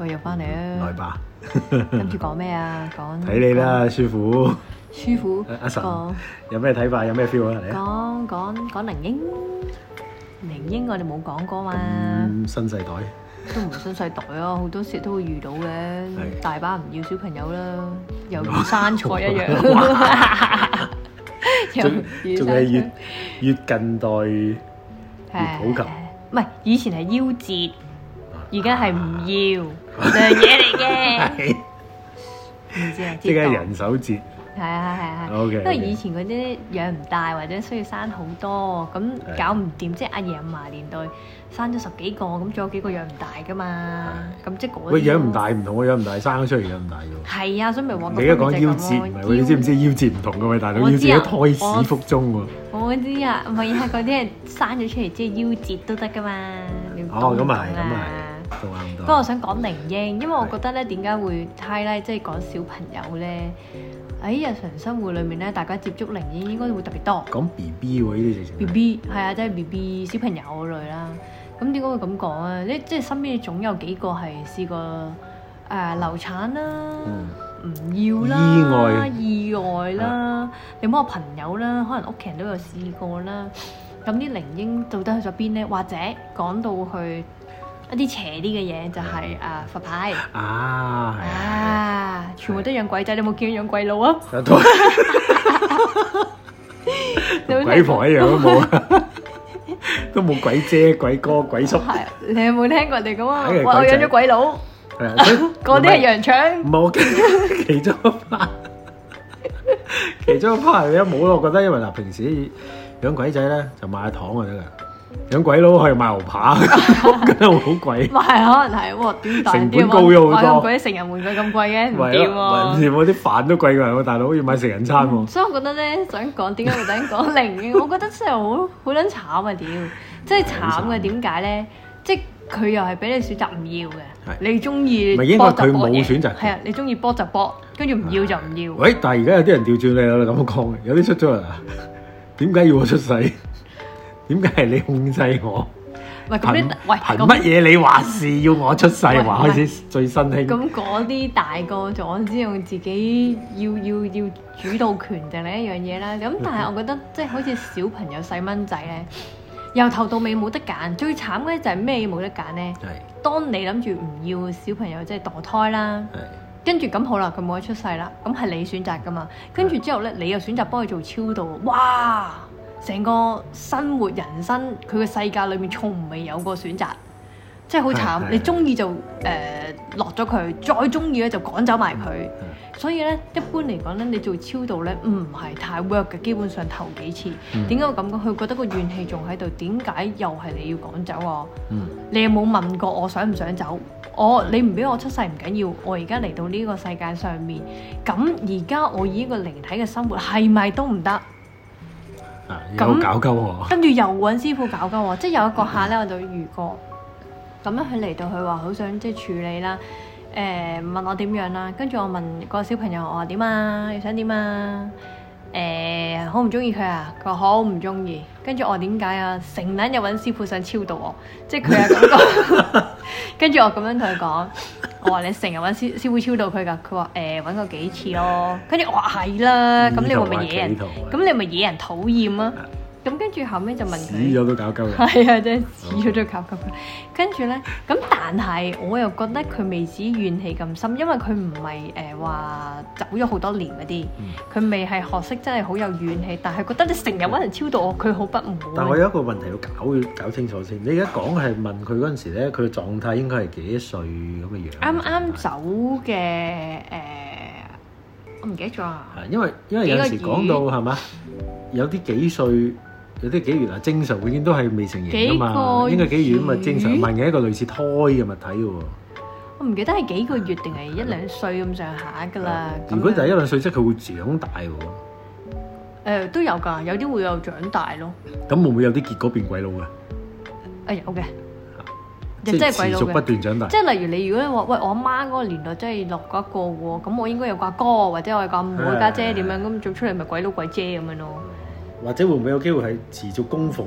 我又翻嚟啦，來吧。跟住講咩啊？講睇你啦，師傅。師傅，阿神講有咩睇法？有咩 feel 啊？嚟啊！講講講靈嬰，靈嬰我哋冇講過嘛。新世代都唔係新世代哦，好多時都會遇到嘅。係大把唔要小朋友啦，又生菜一樣。仲仲係越越近代越普及，唔係以前係夭折，而家係唔要。樣嘢嚟嘅，即係人手折，係啊、係啊、係啊 O K，因為以前嗰啲養唔大，或者需要生好多，咁搞唔掂。即係阿爺阿嫲年代生咗十幾個，咁仲有幾個養唔大噶嘛？咁即係嗰啲。喂，養唔大唔同，我養唔大，生咗出嚟養唔大。係啊，所以咪往。你而家講夭折，喂，你知唔知夭折唔同嘅咩？大佬夭折係胎死腹中喎。我知啊，唔係啊，嗰啲係生咗出嚟即係夭折都得噶嘛？哦，咁啊，係咁啊。不過我想講靈嬰，因為我覺得咧，點解會 high 咧，即係講小朋友咧？喺日常生活裏面咧，大家接觸靈嬰應該會特別多。講 B B 喎，呢啲就 B B，係啊，即係 B B 小朋友嗰類啦。咁點解會咁講啊？你即係身邊總有幾個係試過誒流產啦，唔要啦，意外啦，意外啦。有冇個朋友啦，可能屋企人都有試過啦。咁啲靈嬰到底去咗邊咧？或者講到去？一啲邪啲嘅嘢就係誒佛牌啊，啊，全部都養鬼仔，你有冇見養鬼佬啊？有鬼婆一樣都冇，都冇鬼姐、鬼哥、鬼叔。係，你有冇聽過人哋講啊？我養咗鬼佬，係啊，嗰啲係羊腸。唔係，我其中其中一排咧冇咯，我覺得因為嗱，平時養鬼仔咧就買糖啊得啦。養鬼佬去賣牛扒，真係好鬼咪係可能係，點抵？點啊？買咁鬼成人玩具咁貴嘅，唔掂啊！連我啲飯都貴埋，我大佬要買成人餐。所以我覺得咧，想講點解會突然講靈嬰？我覺得真係好好撚慘啊！屌，真係慘嘅點解咧？即係佢又係俾你選擇唔要嘅，你中意咪應該佢冇選擇。係啊，你中意搏就搏，跟住唔要就唔要。喂，但係而家有啲人調轉你，你咁講，有啲出咗嚟，點解要我出世？點解係你控制我？喂，咁憑喂憑乜嘢你話事？要我出世，話喂開始最新興？咁嗰啲大個咗先用自己要要要主導權定另一樣嘢啦。咁但係我覺得即係好似小朋友細蚊仔咧，由頭到尾冇得揀。最慘嘅就係咩冇得揀咧？係。是的 當你諗住唔要小朋友即係、就是、墮胎啦，是的 跟住咁好啦，佢冇得出世啦，咁係你選擇㗎嘛？跟住之後咧，你又選擇幫佢做超渡，哇！整個生活、人生佢個世界裏面從未有過選擇，即係好慘。 你中意就誒、呃、落咗佢，再中意咧就趕走埋佢。 所以咧，一般嚟講咧，你做超度咧唔係太 work 嘅。基本上頭幾次。點解 我咁講？佢覺得個怨氣仲喺度，點解又係你要趕走啊？ 你有冇問過我想唔想走？我、oh, 你唔俾我出世唔緊要，我而家嚟到呢個世界上面，咁而家我以呢個靈體嘅生活係咪都唔得？那搞咁跟住又揾師傅搞鳩喎、哦， 即係有一個客呢，我就預覺，咁樣佢嚟到佢話好想即係處理啦，誒、呃、問我點樣啦，跟住我問個小朋友我話點啊，你想點啊，誒好唔中意佢啊，佢話好唔中意，跟住我點解啊，成晚又揾師傅想超度我，即係佢係咁講， 跟住我咁樣同佢講。哇！你成日揾師師傅超渡佢噶？佢話誒，揾過幾次咯。跟住我話係啦，咁、嗯、你會唔會惹人？咁、啊、你咪惹人討厭啊？嗯咁跟住後尾就問佢，死咗都搞鳩，係啊，真係死咗都搞鳩。跟住咧，咁但係我又覺得佢未止怨氣咁深，因為佢唔係誒話走咗好多年嗰啲，佢未係學識真係好有怨氣，但係覺得你成日揾人超度我，佢好不滿。但我有一個問題要搞搞清楚先，你而家講係問佢嗰陣時咧，佢嘅狀態應該係幾歲咁嘅樣？啱啱走嘅誒，我唔記得咗啊。因為因為有時講到係嘛，有啲幾歲？有啲幾月啊？正常永遠都係未成年噶嘛，應該幾月啊？嘛，正常問嘅一個類似胎嘅物體嘅喎。我唔記得係幾個月定係一兩歲咁上下㗎啦。如果就係一兩歲，即係佢會長大喎。誒，都有㗎，有啲會有長大咯。咁會唔會有啲結果變鬼佬㗎？誒，有嘅，即係持續不斷長大。即係例如你，如果你話喂，我阿媽嗰個年代真係落過一個喎，咁我應該有個阿哥或者我係個妹家姐點樣咁做出嚟，咪鬼佬鬼姐咁樣咯。或者會唔會有機會係持續供奉，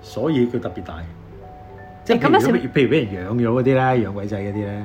所以佢特別大。即係咁樣，譬如譬如俾人養咗嗰啲咧，養鬼仔嗰啲咧，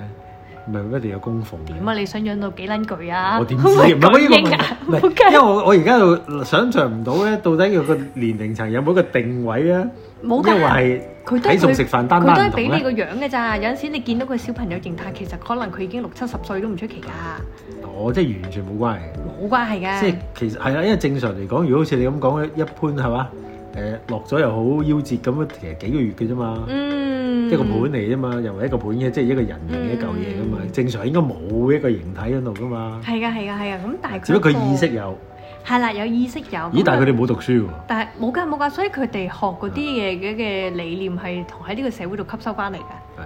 唔係一定有供奉嘅。啊，你想養到幾撚巨啊？我點知？唔係我依是個、啊，是 Okay. 因為我我而家就想像唔到咧，到底佢個年齡層有冇一個定位啊？因為佢睇重食飯擔擔同咧。佢都係俾你個樣嘅咋，有陣時你見到佢小朋友形態，其實可能佢已經六七十歲都唔出奇㗎。哦，即係完全冇關係。冇關係㗎。即係其實係啦，因為正常嚟講，如果好似你咁講一一盤係嘛，誒落咗又好夭折咁樣，其實幾個月嘅啫嘛。嗯。即係個盤嚟啫嘛，又係一個盤嘅，即係一個人形嘅一嚿嘢㗎嘛。正常應該冇一個形體喺度㗎嘛。係㗎，係㗎，係㗎。咁但係。只不過佢意識有。係啦，有意識有。咦？但係佢哋冇讀書㗎喎。但係冇㗎冇㗎，所以佢哋學嗰啲嘢嘅嘅理念係同喺呢個社會度吸收翻嚟㗎。係，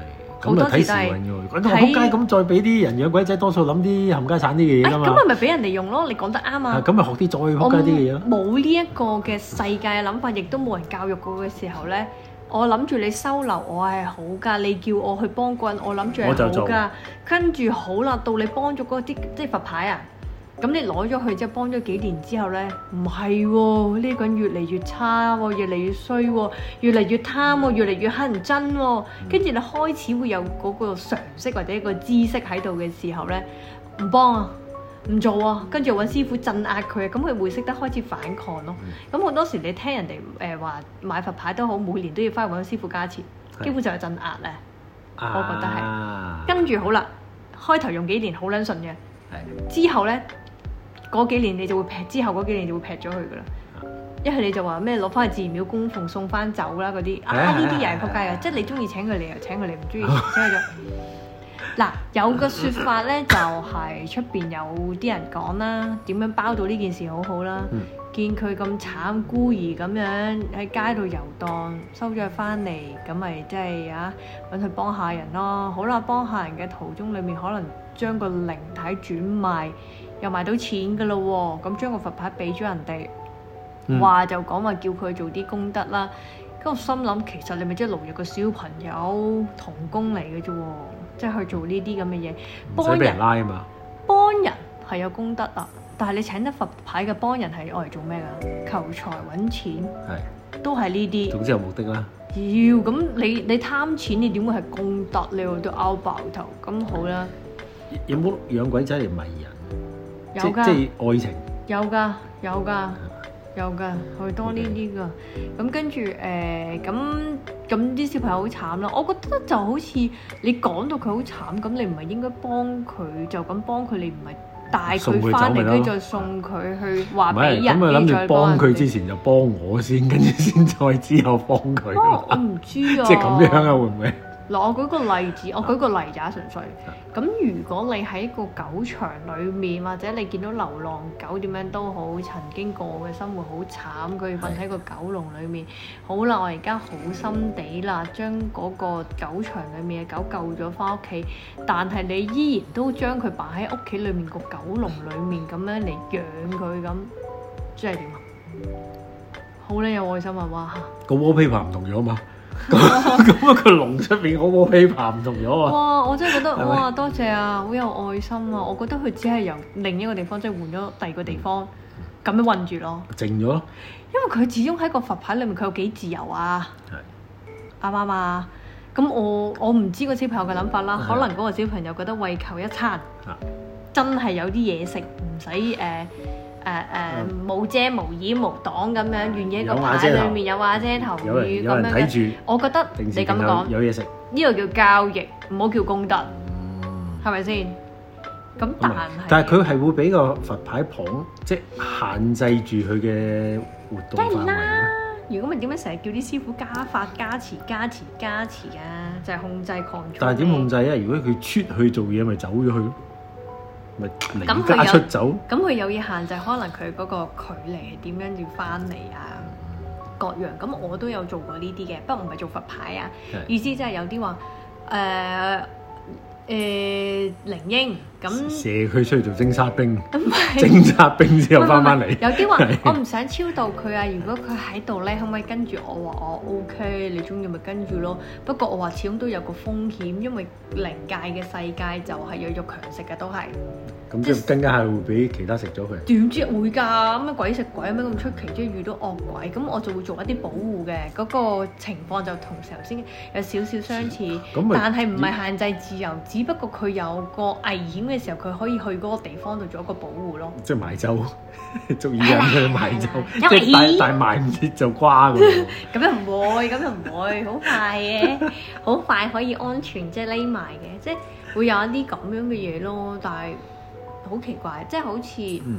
咁啊睇時運㗎喎。好多時咁我撲街咁再俾啲人養鬼仔，多數諗啲冚家產啲嘅嘢㗎嘛。咁咪咪俾人哋用咯，你講得啱啊。係咁咪學啲再撲街啲嘢咯。冇呢一個嘅世界嘅諗法，亦都冇人教育過嘅時候咧，我諗住你收留我係好㗎，你叫我去幫個人，我諗住係好㗎。跟住好啦，到你幫咗嗰啲即係佛牌啊！咁你攞咗佢之後，即係、幫咗幾年之後呢，唔係喎，呢、呢個人越嚟越差喎、哦，越嚟越衰喎、哦，越嚟越貪喎、哦，嗯、越嚟越乞人憎喎。跟住你開始會有嗰個常識或者一個知識喺度嘅時候呢，唔幫啊，唔做啊，跟住揾師傅鎮壓佢，啊，咁佢會識得開始反抗咯、哦。咁好、嗯、多時你聽人哋誒話買佛牌都好，每年都要翻去揾師傅加錢，嗯、基本上就係鎮壓啊。我覺得係。跟住好啦，開頭用幾年好撚順嘅，之後呢。嗰幾年你就會劈，之後嗰幾年就會劈咗佢噶啦。一係 你就話咩攞翻去自然廟供奉送，送翻走啦嗰啲。啊，呢啲又係撲街嘅， 即係你中意請佢嚟又請佢嚟，唔中意請佢就，嗱， 有個説法咧，就係出邊有啲人講啦，點樣包到呢件事好好啦？見佢咁慘，孤兒咁樣喺街度遊蕩，收咗佢翻嚟，咁咪即係啊揾佢幫下人咯。好啦，幫下人嘅途中裡面，可能將個靈體轉賣。又賣到錢嘅咯喎，咁將個佛牌俾咗人哋，話、嗯、就講話叫佢做啲功德啦。咁我心諗，其實你咪即係勞役個小朋友童工嚟嘅啫喎，即、就、係、是、去做呢啲咁嘅嘢。唔使俾人拉啊嘛！幫人係有功德啊，但係你請得佛牌嘅幫人係愛嚟做咩㗎？求財揾錢，係的都係呢啲。總之有目的啦。妖，咁你你貪錢，你點會係功德咧？你都拗爆頭。咁好啦。有冇養鬼仔嚟迷人？有即即愛情有噶有噶有噶，好多呢啲噶。咁跟住誒，咁咁啲小朋友好慘囉。我覺得就好似你講到佢好慘，咁你唔係應該幫佢，就咁幫佢，你唔係帶佢翻嚟，跟住送佢去話畀人，唔係咁啊，諗住幫佢之前就幫我先，跟住先再之後幫佢。我唔知啊，即係咁樣啊，會唔會？嗱，我舉個例子，我舉個例子，係純粹。咁如果你喺個狗場裏面，或者你見到流浪狗點樣都好，曾經過嘅生活好慘，佢瞓喺個狗籠裏面。的好啦，我而家好心地啦，將嗰個狗場裏面嘅狗救咗翻屋企，但係你依然都將佢擺喺屋企裏面個狗籠裏面咁樣嚟養佢咁，即係點啊？好啦，有愛心啊哇！個 wallpaper 唔同樣啊嘛～咁咁啊！ 個籠出面可唔可以唔同咗啊？哇！我真係覺得吧哇，多謝啊，好有愛心啊！我覺得佢只係由另一個地方即係、就是、換咗第二個地方，咁樣困住咯。靜咗了，因為佢始終喺個佛牌裡面，佢有幾自由啊？係啱唔啱啊？咁我我唔知個小朋友嘅諗法啦，的可能嗰個小朋友覺得為求一餐，的真係有啲嘢食唔使誒。誒誒，無遮無耳、無擋咁樣，遠嘢個牌裏面有瓦遮頭雨咁樣。我覺得你咁講，有嘢食呢個叫交易，唔好叫功德，係咪先？咁但係，但係佢係會俾個佛牌捧，即係限制住佢嘅活動範圍。當然啦，如果唔係點解成日叫啲師傅加法加持加持加持啊？就係、是、控制擴張。但係點控制啊？如果佢出去做嘢，咪走咗去咯。咁佢有，出走，咁佢有嘢限制，可能佢嗰個距離係點樣要翻嚟啊？各樣咁我都有做過呢啲嘅，不過唔係做佛牌啊，的意思即係有啲話誒誒靈嬰。」射佢出去做偵察兵，偵察兵之後翻翻嚟。有啲話我唔想超度佢啊，如果佢喺度咧，可唔可以跟住我？話我 O K，你中意咪跟住咯。不過我話始終都有個風險，因為靈界嘅世界就係弱肉強食嘅都係。咁即係更加係會俾其他食咗佢？點知會㗎？咁鬼食鬼咩，咁出奇，即係遇到惡鬼，咁我就會做一啲保護嘅。嗰個情況就同頭先有少少相似，但係唔係限制自由，只不過佢有個危險。咁嘅時候，佢可以去嗰個地方度做一個保護咯。即係賣走，以二日賣走，即係但係賣唔跌就瓜咁。咁又唔會，咁又唔會，好快嘅，好快，快可以安全即係匿埋嘅，即係會有一啲咁樣嘅嘢咯。但係好奇怪，即係好似唔、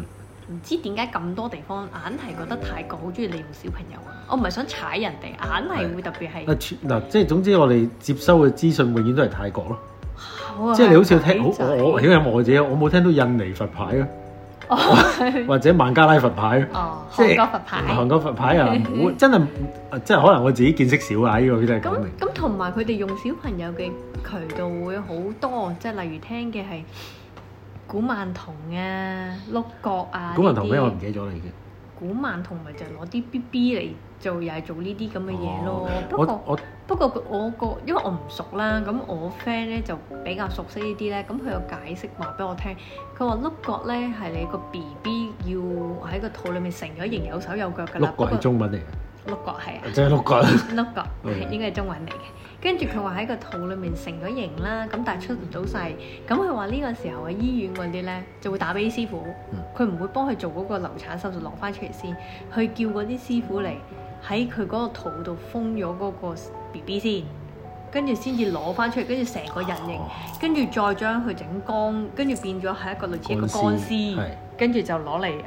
嗯、知點解咁多地方，硬係覺得泰國好鍾意利用小朋友啊。我唔係想踩人哋，硬係會特別係嗱，即係、啊、總之我哋接收嘅資訊永遠都係泰國咯。啊、即係你好似聽，仔我我因為我自己，我冇聽到印尼佛牌啊， 或者孟加拉佛牌啊，哦、即係韓國佛牌。韓國佛牌啊， 真係，即係可能我自己見識少啊，呢、呢個真係咁。咁咁同埋佢哋用小朋友嘅渠道會好多，即係例如聽嘅係古曼童啊、碌角啊。古，古曼童俾我唔記得咗嚟嘅。古曼童咪就攞啲 B B 嚟。做又係做呢啲咁嘅嘢咯，oh, 我不過我不過我個因為我唔熟啦，咁我 friend 咧就比較熟悉呢啲咧，咁佢有解釋話俾我聽，佢話碌角咧係你個 B B 要喺個肚裡面成咗型有手有腳㗎啦。碌角係中文嚟嘅。碌角係。即係碌角。碌角應該係中文嚟嘅。跟住佢話喺個肚裡面成咗型啦，咁但係出唔到世。咁佢話呢個時候喺醫院嗰啲咧就會打俾師傅，佢唔會幫佢做嗰個流產手術攞翻出嚟先，去叫嗰啲師傅嚟。喺佢嗰個肚度封咗嗰個 B B 先，跟住先至攞翻出嚟，跟住成個人形，跟住、啊、再將佢整乾，跟住變咗係一個類似一個乾屍，跟住絲就攞嚟誒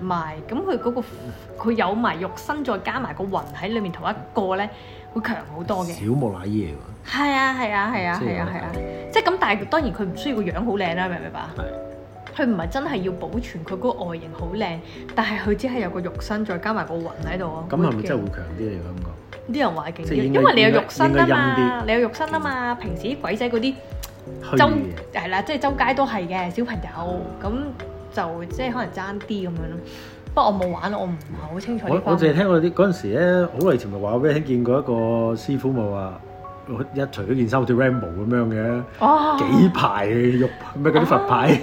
賣。咁佢嗰個佢、嗯、有埋肉身，再加埋個魂喺裏面同一個呢，嗯、會強好多嘅。小木乃伊喎。係啊，係啊，係啊，係啊，係啊，即係咁。但係當然佢唔需要個樣好靚啦，明唔明白？佢唔係真係要保存佢嗰個外形好靚，但係佢只係有個肉身，再加埋個魂喺度啊！咁係咪真係會強啲？你咁講？啲人話勁啲，因為你有肉身啊嘛，你有肉身啊嘛，平時啲鬼仔嗰啲周係啦，即係周街都係嘅小朋友，咁就即係可能爭啲咁樣咯。不過我冇玩，我唔係好清楚。我我凈係聽過啲嗰陣時咧，好耐前咪話俾你聽，見過一個師傅咪話，一除咗件衫好似 Rambo 咁樣嘅，幾排肉咩嗰啲佛牌，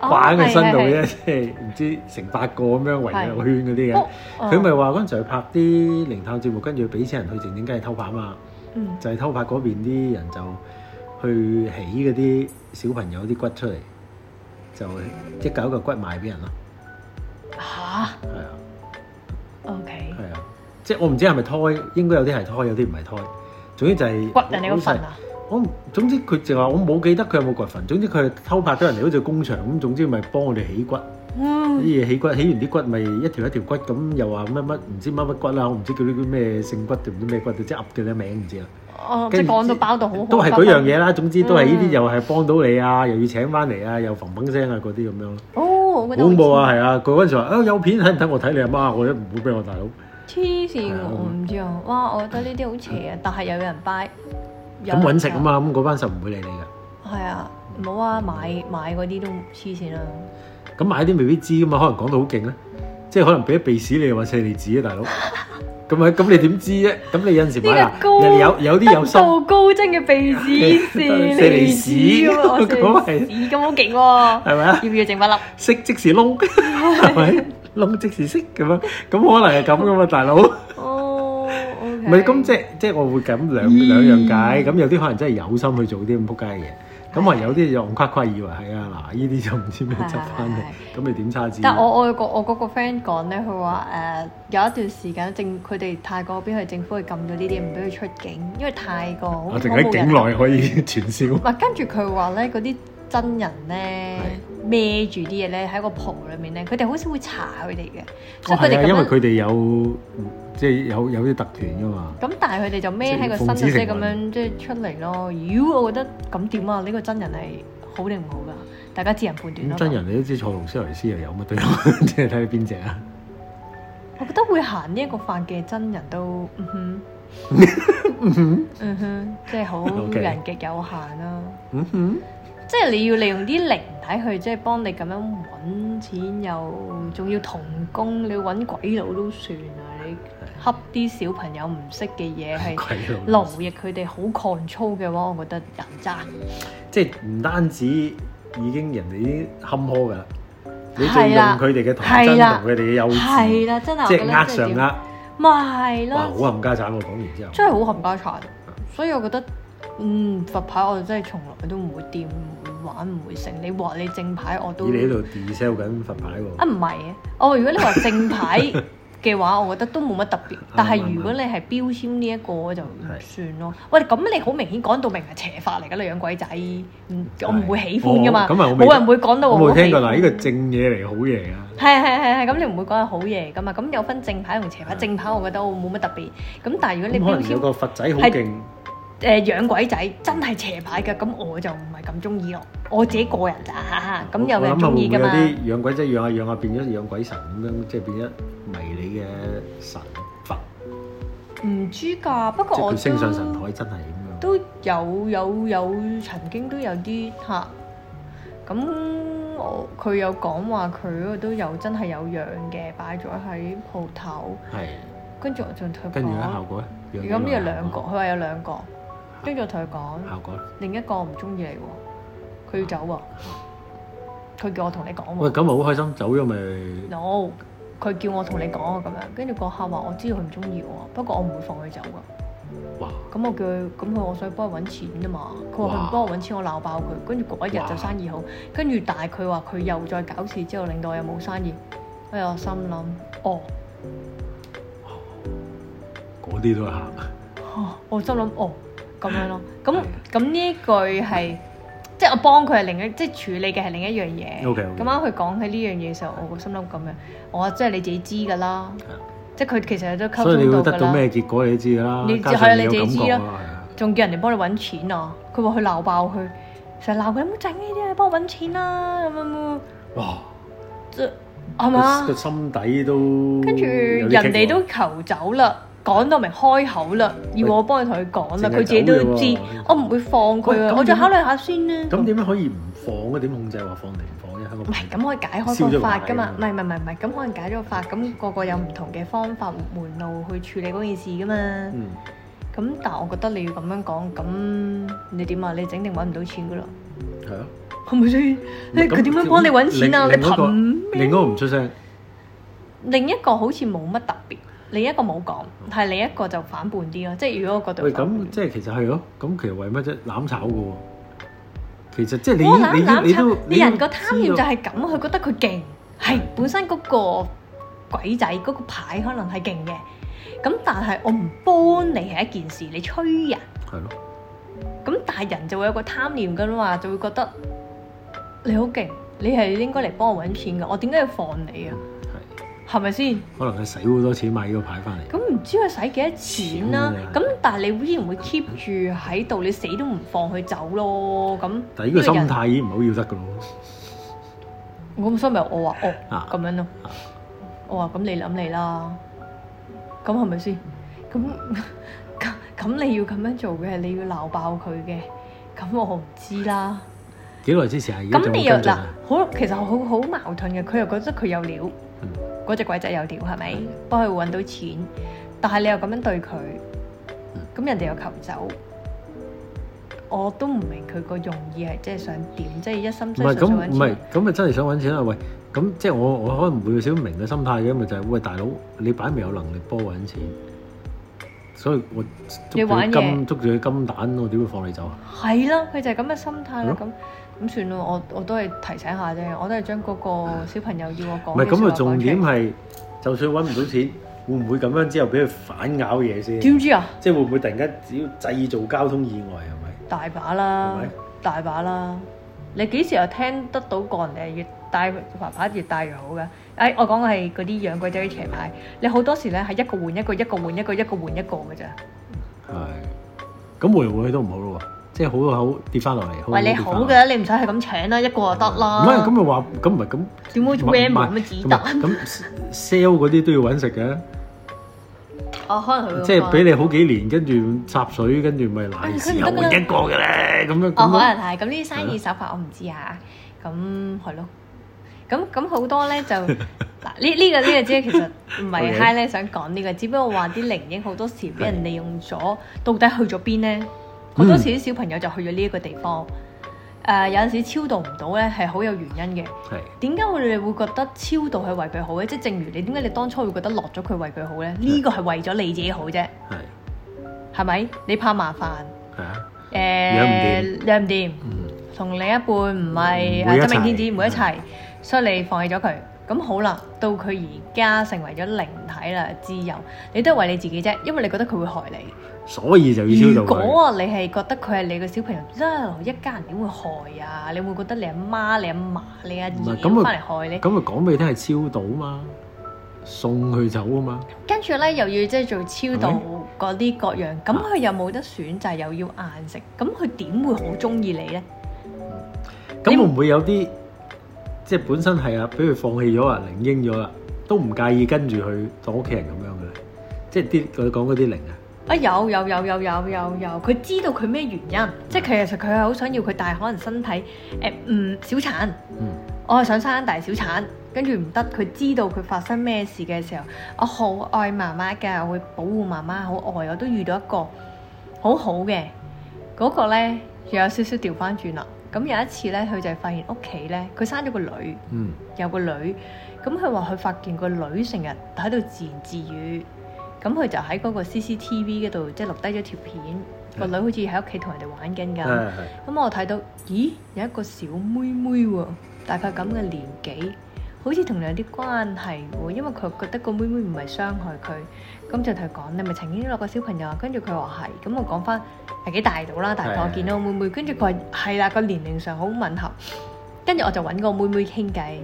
擺喺佢身度嘅啫，即係唔知成八個咁樣圍喺圈嗰啲嘅。佢咪話嗰陣時拍啲靈探節目，跟住俾錢人去靜靜雞偷拍啊嘛。嗯。就係偷拍嗰邊啲人就去起嗰啲小朋友啲骨出嚟，就一嚿一嚿骨賣俾人咯。吓？係啊。OK。係啊，即係我唔知係咪胎，應該有啲係胎，有啲唔係胎。總之就係骨人你個份啊！我總之佢淨話我冇記得佢有冇掘墳，總之佢係偷拍咗人哋好似工場咁，總之咪幫我哋起骨，啲嘢起骨起完啲骨咪一條一條骨咁，又話乜乜唔知乜乜骨啦，我唔知叫啲叫咩性骨定唔知咩骨，即係噏定個名唔知啊。哦，即係講到包到好，都係嗰樣嘢啦。總之都係呢啲又係幫到你啊，又要請翻嚟啊，又嘭嘭聲啊嗰啲咁樣。哦，好恐怖啊，係啊，佢嗰陣時話啊有片睇唔睇我睇你阿媽，我都唔好俾我大佬。黐線我唔知啊，哇！我覺得呢啲好邪啊，但係又有人拜。咁揾食啊嘛，咁嗰班就唔會理你嘅。係啊，冇啊，買買嗰啲都黐線啦。咁買啲未必知啊嘛，可能講到好勁啊，即係可能俾啲鼻屎你又話舍利子啊，大佬。咁咪咁你點知啫？咁你有陣時買啦，有有啲有道高精嘅鼻屎，舍利子喎。咁好勁喎？係咪啊？要唔要整返粒？色即是空，係咪空即是色咁啊？咁可能係咁噶嘛，大佬。唔係咁，即係即係我會咁兩 Yeah. 兩樣解。咁有啲可能真係有心去做啲咁撲街嘅嘢，咁話 Yeah. 有啲又誇誇以為係啊嗱，Yeah. 呢啲就唔知咩執翻嚟，咁你點差之？但係我我個我嗰個 friend 講咧，佢話誒有一段時間政佢哋泰國嗰邊係政府去禁咗呢啲，唔俾佢出境，因為泰國我淨喺境內可以傳銷。唔係 跟住佢話咧嗰啲。真人咧孭住啲嘢咧喺個袍裏面咧，佢哋好少會查佢哋嘅，所以佢哋因為佢哋有即係有有啲特權噶嘛。咁但係佢哋就孭喺個身上即係咁樣即係出嚟咯。妖，我覺得咁點啊？呢個真人係好定唔好噶？大家自行判斷。真人你都知坐勞斯萊斯又有乜都有，即係睇佢邊隻啊！我覺得會行呢一個法嘅真人都嗯哼，嗯哼，哼，即係好人極有限啦，嗯哼。即係你要利用啲靈體去，即係幫你咁樣揾錢又，又仲要童工，你揾鬼佬都算啊！你恰啲小朋友唔識嘅嘢，係奴役佢哋好狂粗嘅話，我覺得人渣。即係唔單止已經人哋啲坎坷㗎喇，你仲用佢哋嘅童真同佢哋嘅幼稚，係啦，真係即係呃上呃，咪係咯，哇，好冚家鏟！我講完之後，真係好冚家鏟，所以我覺得嗯佛牌我真係從來都唔會掂。玩唔會成，你話你正牌我都。而你喺度 de sell 緊佛牌喎。啊唔係，哦如果你話正牌嘅話，我覺得都冇乜特別。但係如果你係標籤呢一個，就算咯。喂，咁你好明顯講到明係邪法嚟噶啦，養鬼仔，我唔會喜歡噶嘛。咁冇人會講到，我冇聽過嗱，呢個正嘢嚟，好嘢啊。係係係係，咁你唔會講係好嘢噶嘛？咁有分正牌同邪法，正牌我覺得我冇乜特別。咁但係如果你可能有個佛仔好勁。誒養鬼仔真係邪牌嘅，咁我就唔係咁中意咯。我自己個人咋，哈哈。咁有嘅中意㗎嘛。我諗下會有啲養鬼仔養下養下變咗養鬼神咁樣，即係變咗迷你嘅神佛。唔知㗎，不過佢升上神台真係咁樣都有，有有曾經都有啲嚇。咁我佢有講話，佢嗰個都有真係有養嘅，擺咗喺鋪頭。係。跟住仲同跟住咧效果咧？如果咩兩個？佢話有兩個。跟住我同佢講，'ll 另一個唔中意你喎，佢要走啊，佢叫我同你講喎、啊。喂，咁咪好開心，走咗咪？嗱，我佢叫我同你講啊，咁樣。跟住嗰客話，我知道佢唔中意我，不過我唔會放佢走噶。哇！咁我叫佢，咁佢我想幫佢揾錢啫嘛。佢話佢唔幫我揾錢，我鬧爆佢。跟住嗰一日就生意好，跟住但係佢話佢又再搞事之後，令到我又冇生意。哎呀、哦哦啊，我心諗，哦，嗰啲都係客。嚇！我心諗，哦。咁樣咯，咁咁呢句係，即係我幫佢係另一，即係處理嘅係另一樣嘢。咁啱佢講起呢樣嘢嘅時候，我個心諗咁樣，我話即係你自己知噶啦。即係佢其實都溝通到，所以你會得到咩結果你，你都知噶啦。你，加上的你自己知啦，仲叫人哋幫你揾錢啊！佢話佢鬧爆佢，成日鬧佢有冇整呢啲啊，幫我揾錢啦咁樣。哇、哦！即係係嘛？個吧心底都跟住人哋都求走啦。 講到唔明開口啦，要我幫你同佢講啦，佢自己都要知，啊、我唔會放佢啊，我再考慮下先啦。咁點樣可以唔放咧？點控制話放定唔放咧？唔係，咁可以解開個法㗎嘛？唔係唔係唔係，咁可能解咗法，咁、那個個有唔同嘅方法門路去處理嗰件事㗎嘛。嗯。咁但我覺得你要咁樣講，咁你點啊？你整定揾唔到錢㗎喇。係啊。係咪先？你佢點樣幫你揾錢啊？你憑咩？另一個唔出聲。另一個，另一個好似冇乜特別。你一個冇講，但係你一個就反叛啲咯。即係如果我覺得喂，咁，即係其實係咯。咁其實為乜啫攬炒嘅喎？其實即係你你你你人個貪念就係咁，佢覺得佢勁，係本身嗰個鬼仔嗰個牌可能係勁嘅。咁但係我唔幫你係一件事，你吹人係咯。咁但係人就會有個貪念噶喇嘛，就會覺得你好勁，你係應該嚟幫我揾錢㗎，我點解要放你啊？係咪先？可能佢使好多錢買呢個牌翻嚟。咁唔知佢使幾多錢啦，啊？咁，啊，但係你會唔會 keep 住喺度？你死都唔放佢走咯？咁。但呢依個心態已經唔好要得噶咯。我咁所以咪我話哦，咁，啊，樣咯，啊。啊、我話咁你諗你啦。咁係咪先？咁咁咁你要咁樣做嘅，你要鬧爆佢嘅。咁我唔知啦。幾耐之前啊？咁你又嗱，好、嗯、其實好好矛盾嘅，佢又覺得佢有料，嗰隻、嗯、鬼仔有料係咪？幫佢揾到錢，但係你又咁樣對佢，咁、嗯、人哋又求走，我都唔明佢個用意係即係想點，即係一心想揾錢。唔係咁，唔係咁啊！真係想揾錢啊！喂，咁即係我我可能會有少少明嘅心態嘅，因為就係喂大佬，你擺明有能力幫我揾錢，所以我捉住金捉住佢金蛋，我點會放你走啊？係啦，佢就係咁嘅心態咯，咁、嗯。咁算咯，我我都係提醒下啫，我都係將嗰個小朋友要我講。唔係咁啊，重點係就算揾唔到錢，會唔會咁樣之後俾佢反咬嘢先？點知啊？即係會唔會突然間只要製造交通意外係咪？係咪大把啦，係咪大把啦。你幾時又聽得到個人哋越帶爸爸越帶越好嘅？哎，我講嘅係嗰啲養鬼仔騎馬，你好多時咧係一個換一個，一個換一個，一個換一個嘅咋。係，咁換嚟換去都唔好咯、啊、喎。即係好個口跌翻落嚟，好個口跌翻。喂，你好嘅，你唔使係咁搶啦，一個就得咯。唔係咁咪話，咁唔係咁點會 warm，咁樣只得？咁 sell 嗰啲都要揾食嘅。哦，可能佢即係俾你好幾年，跟住插水，跟住咪賴事又換一個嘅咧。咁樣咁可能係咁呢啲生意手法，我唔知吓。咁係咯，咁咁好多咧就嗱呢，呢個呢個即係其實唔係 high 咧，想講呢個，只不過話啲靈嬰好多時俾人利用咗，到底去咗邊咧？好多時啲小朋友就去咗呢一個地方，誒、嗯呃、有陣時超度唔到咧係好有原因嘅。係點解我哋會覺得超度係為佢好咧？即係正如你點解你當初會覺得落咗佢為佢好咧？呢是個係為咗你自己好啫。係係咪？你怕麻煩？係啊是。誒你唔掂，嗯、同另一半唔係、啊、真命天子，唔一齊，嗯、所以你放棄咗佢。咁好啦，到佢而家成為咗靈體啦，自由，你都係為你自己啫，因為你覺得佢會害你。所以就要超度。如果啊，你係覺得佢係你個小朋友，一路一家人點會害啊？你會覺得你阿媽、你阿嫲、你阿爺翻嚟害你？咁咪講俾你聽，係超度嘛，送佢走啊嘛。跟住咧，又要即係做超度嗰啲各樣，咁佢又冇得選擇，又要硬食，咁佢點會好中意你咧？咁會唔會有啲即係本身係啊，俾佢放棄咗啊，靈嬰咗啦，都唔介意跟住去當屋企人咁樣嘅咧？即係啲佢講嗰啲靈啊。啊有有有有有有，佢知道佢咩原因，即係其實佢係好想要佢，但係可能身體誒唔、欸嗯、小產。嗯、我係想生大小產，跟住唔得。佢知道佢發生咩事嘅時候，我好愛媽媽㗎，我會保護媽媽好愛。我都遇到一個好好嘅，嗰、嗰個咧又有少少調返轉啦。咁有一次呢，佢就係發現屋企呢，佢生咗個、嗯、個女。嗯，有個女自自，咁佢話佢發現個女成日喺度自言自語。咁佢就喺嗰個 CCTV 嗰度，即係錄低咗條片，個、嗯、女好似喺屋企同人哋玩緊㗎。咁、嗯、我睇到，咦，有一個小妹妹喎，大概咁嘅年紀，好似同佢有啲關係喎，因為佢覺得個妹妹唔係傷害佢，咁就同佢講：你咪曾經攞個小朋友？跟住佢話係，咁我講翻係幾大到啦，大概我見到個妹妹，跟住佢話係啦，個、嗯、年齡上好吻合，跟住我就揾個妹妹傾偈。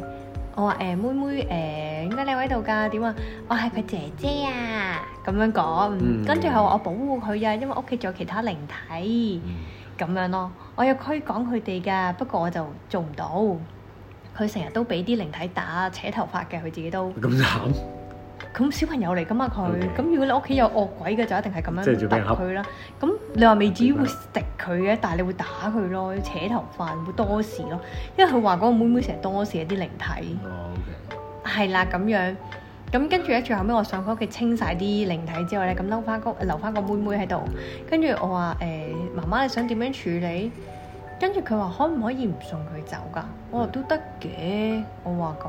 我話誒、欸，妹妹誒，點、欸、解你喺度噶？點啊？我係佢姐姐啊，咁樣講。跟住係話我保護佢啊，因為屋企仲有其他靈體，咁、嗯、樣咯。我有驅趕佢哋噶，不過我就做唔到。佢成日都俾啲靈體打，扯頭髮嘅，佢自己都咁慘。咁小朋友嚟噶嘛佢，咁 Okay. 如果你屋企有惡鬼嘅就一定係咁樣打佢啦。咁你話未至於會揼佢嘅，但係你會打佢咯，扯頭髮會多事咯，因為佢話嗰個妹妹成日多事有啲靈體。哦係啦，咁樣，咁跟住咧，最後屘我上佢屋企清晒啲靈體之後咧，咁嬲翻個留翻個妹妹喺度，跟住 Okay. 我話誒、欸、媽媽，你想點樣處理？跟住佢話可唔可以唔送佢走噶？我話都得嘅。我話咁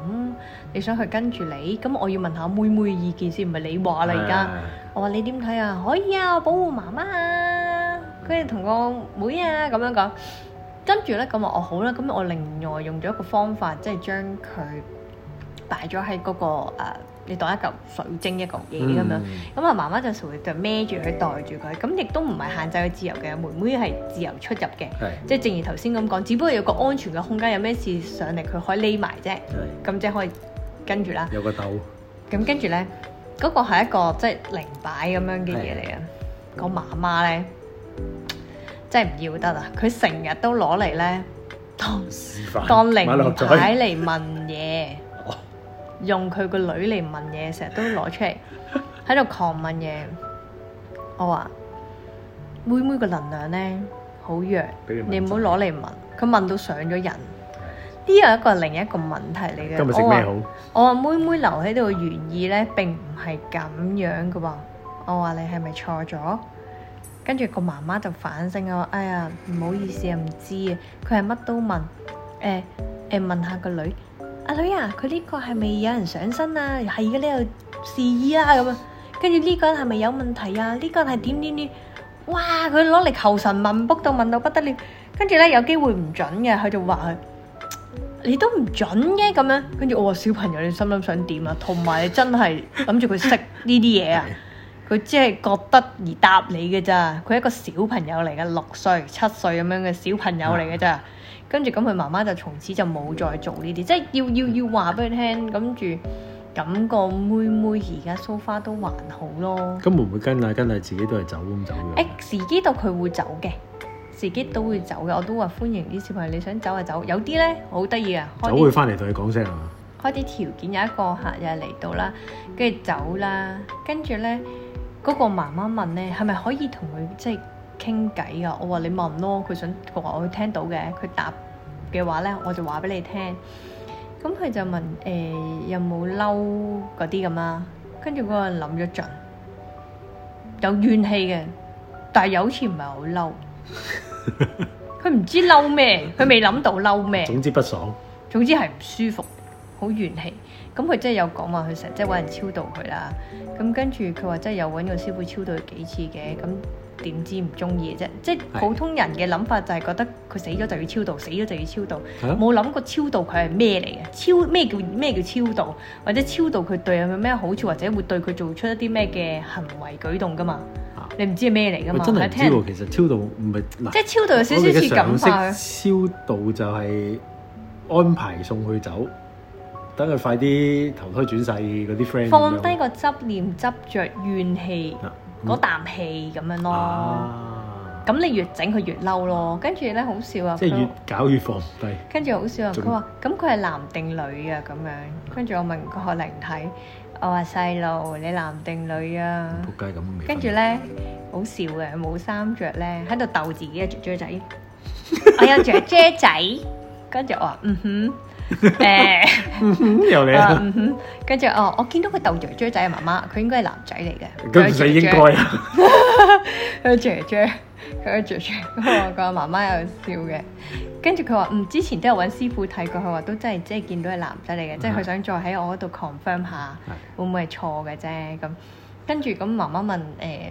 你想去跟住你，咁我要問下妹妹嘅意見先，唔係你話啦而家。啊、我話你點睇啊？可以啊，保護媽媽啊。跟住同個妹啊咁樣講，跟住咧咁話我好啦。咁我另外用咗一個方法，即係將佢擺咗喺嗰個、呃你當一嚿水晶一個嘢咁樣，咁啊媽媽就成日就孭住佢袋住佢，咁亦都唔係限制佢自由嘅，妹妹係自由出入嘅，即係的正如頭先咁講，只不過有個安全嘅空間，有咩事上嚟佢可以匿埋啫，咁的即係可以跟住啦。有個竇，咁跟住呢，嗰、那個係一個即係、就是、零擺咁樣嘅嘢嚟啊，的個媽媽呢，真係唔要得啊！佢成日都攞嚟呢，當示範、 當零擺嚟問嘢。 用佢個女嚟問嘢，成日都攞出嚟喺度狂問嘢。我話：妹妹個能量呢，好弱，你唔好攞嚟問。佢 問到上咗人，呢又一個另一個問題嚟嘅。今日食咩好？我話妹妹留喺度嘅原意呢，並唔係咁樣嘅噃。我話你係咪錯咗？跟住個媽媽就反省我：哎呀，唔好意思，唔知啊。佢係乜都問，誒、欸欸欸、問下個女。阿女啊，佢呢個係咪有人上身啊？係嘅，呢度示意啦咁啊。跟住呢個係咪有問題啊？呢、呢個係點點點？哇！佢攞嚟求神問卜到問到不得了。跟住咧有機會唔準嘅，佢就話佢你都唔準嘅咁樣。跟住我話小朋友，你心諗想點啊？同埋你真係諗住佢識呢啲嘢啊？佢 的只係覺得而答你嘅咋？佢係一個小朋友嚟嘅，六歲、七歲咁樣嘅小朋友嚟嘅咋？嗯跟住咁佢媽媽就從此就冇再做呢啲，即係要要要話俾佢聽。跟住咁個妹妹而家 so far 都還好咯。咁會唔會跟啊？跟係自己都係走咁走嘅。誒、欸，自己到佢會走嘅，自己都會走嘅。我都話歡迎啲小朋友，你想走啊走。有啲咧好得意啊，走會翻嚟同你講聲係嘛？開啲條件，有一個客又嚟到啦，跟住走啦。跟住咧嗰個媽媽問咧，係咪可以同佢即係？傾偈㗎，我話你問咯，佢想個我聽到嘅，佢答嘅話咧，我就話俾你聽。咁佢就問誒有冇嬲嗰啲咁啊？跟住嗰個人諗咗陣，有怨氣嘅，但係有次唔係好嬲，佢唔知嬲咩，佢未諗到嬲咩。總之不爽。總之係唔舒服，好怨氣。咁佢真係有講話，佢成日即係揾人超度佢啦。咁跟住佢話真係有揾個師傅超度佢幾次嘅。咁點知唔中意嘅啫？即係普通人嘅諗法就係覺得佢死咗就要超度，死咗就要超度，冇諗過超度佢係咩嚟嘅？超咩叫咩叫超度？或者超度佢對有咩好處？或者會對佢做出一啲咩嘅行為舉動噶嘛？你唔知係咩嚟㗎嘛？我真係唔知喎。其實超度唔係即係超度有少少似感化。超度就係安排送佢走，等佢快啲投胎轉世嗰啲 friend。放低個執念、執著、怨氣。嗰啖氣咁樣咯，咁你越整佢越嬲咯，跟住咧好笑啊！即係越搞越放唔低。跟住好笑啊！佢話：咁佢係男定女啊？咁樣。跟住我問個靈體，我話細路，你男定女啊？仆街咁樣。跟住咧好笑嘅，冇衫著咧，喺度逗自己嘅雀雀仔。我有雀雀仔，跟住我話嗯哼。誒，又嚟啦，跟住、啊嗯、哦，我見到個豆仔雀仔嘅媽媽，佢應該係男仔嚟嘅，咁唔使應該該啦，佢雀雀，佢個雀雀。我個媽媽有笑嘅，跟住佢話，嗯，之前都有揾師傅睇過，佢話都真係即係見到係男仔嚟嘅，即係佢想再喺我嗰度 confirm 下會會，會唔會係錯嘅啫？咁，跟住咁媽媽問誒。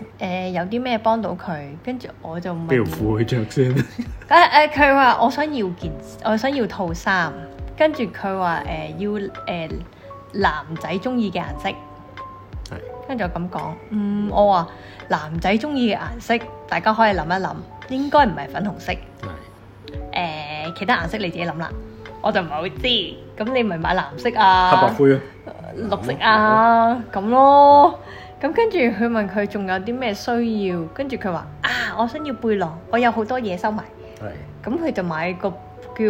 誒、呃，有啲咩幫到佢？跟住我就買條褲去着先。誒 誒、啊，佢、呃、話我想要件，我想要套衫。跟住佢話誒，要誒、呃、男仔中意嘅顏色。係、嗯。跟住我咁講，嗯，我話男仔中意嘅顏色，大家可以諗一諗，應該唔係粉紅色。係、嗯。誒、呃，其他顏色你自己諗啦，我就唔係好知。咁你咪買藍色啊，黑白灰啊、呃，綠色啊，咁、嗯、咯。咁跟住佢問佢仲有啲咩需要，跟住佢話啊，我想要背囊，我有好多嘢收埋。係。咁佢就買個叫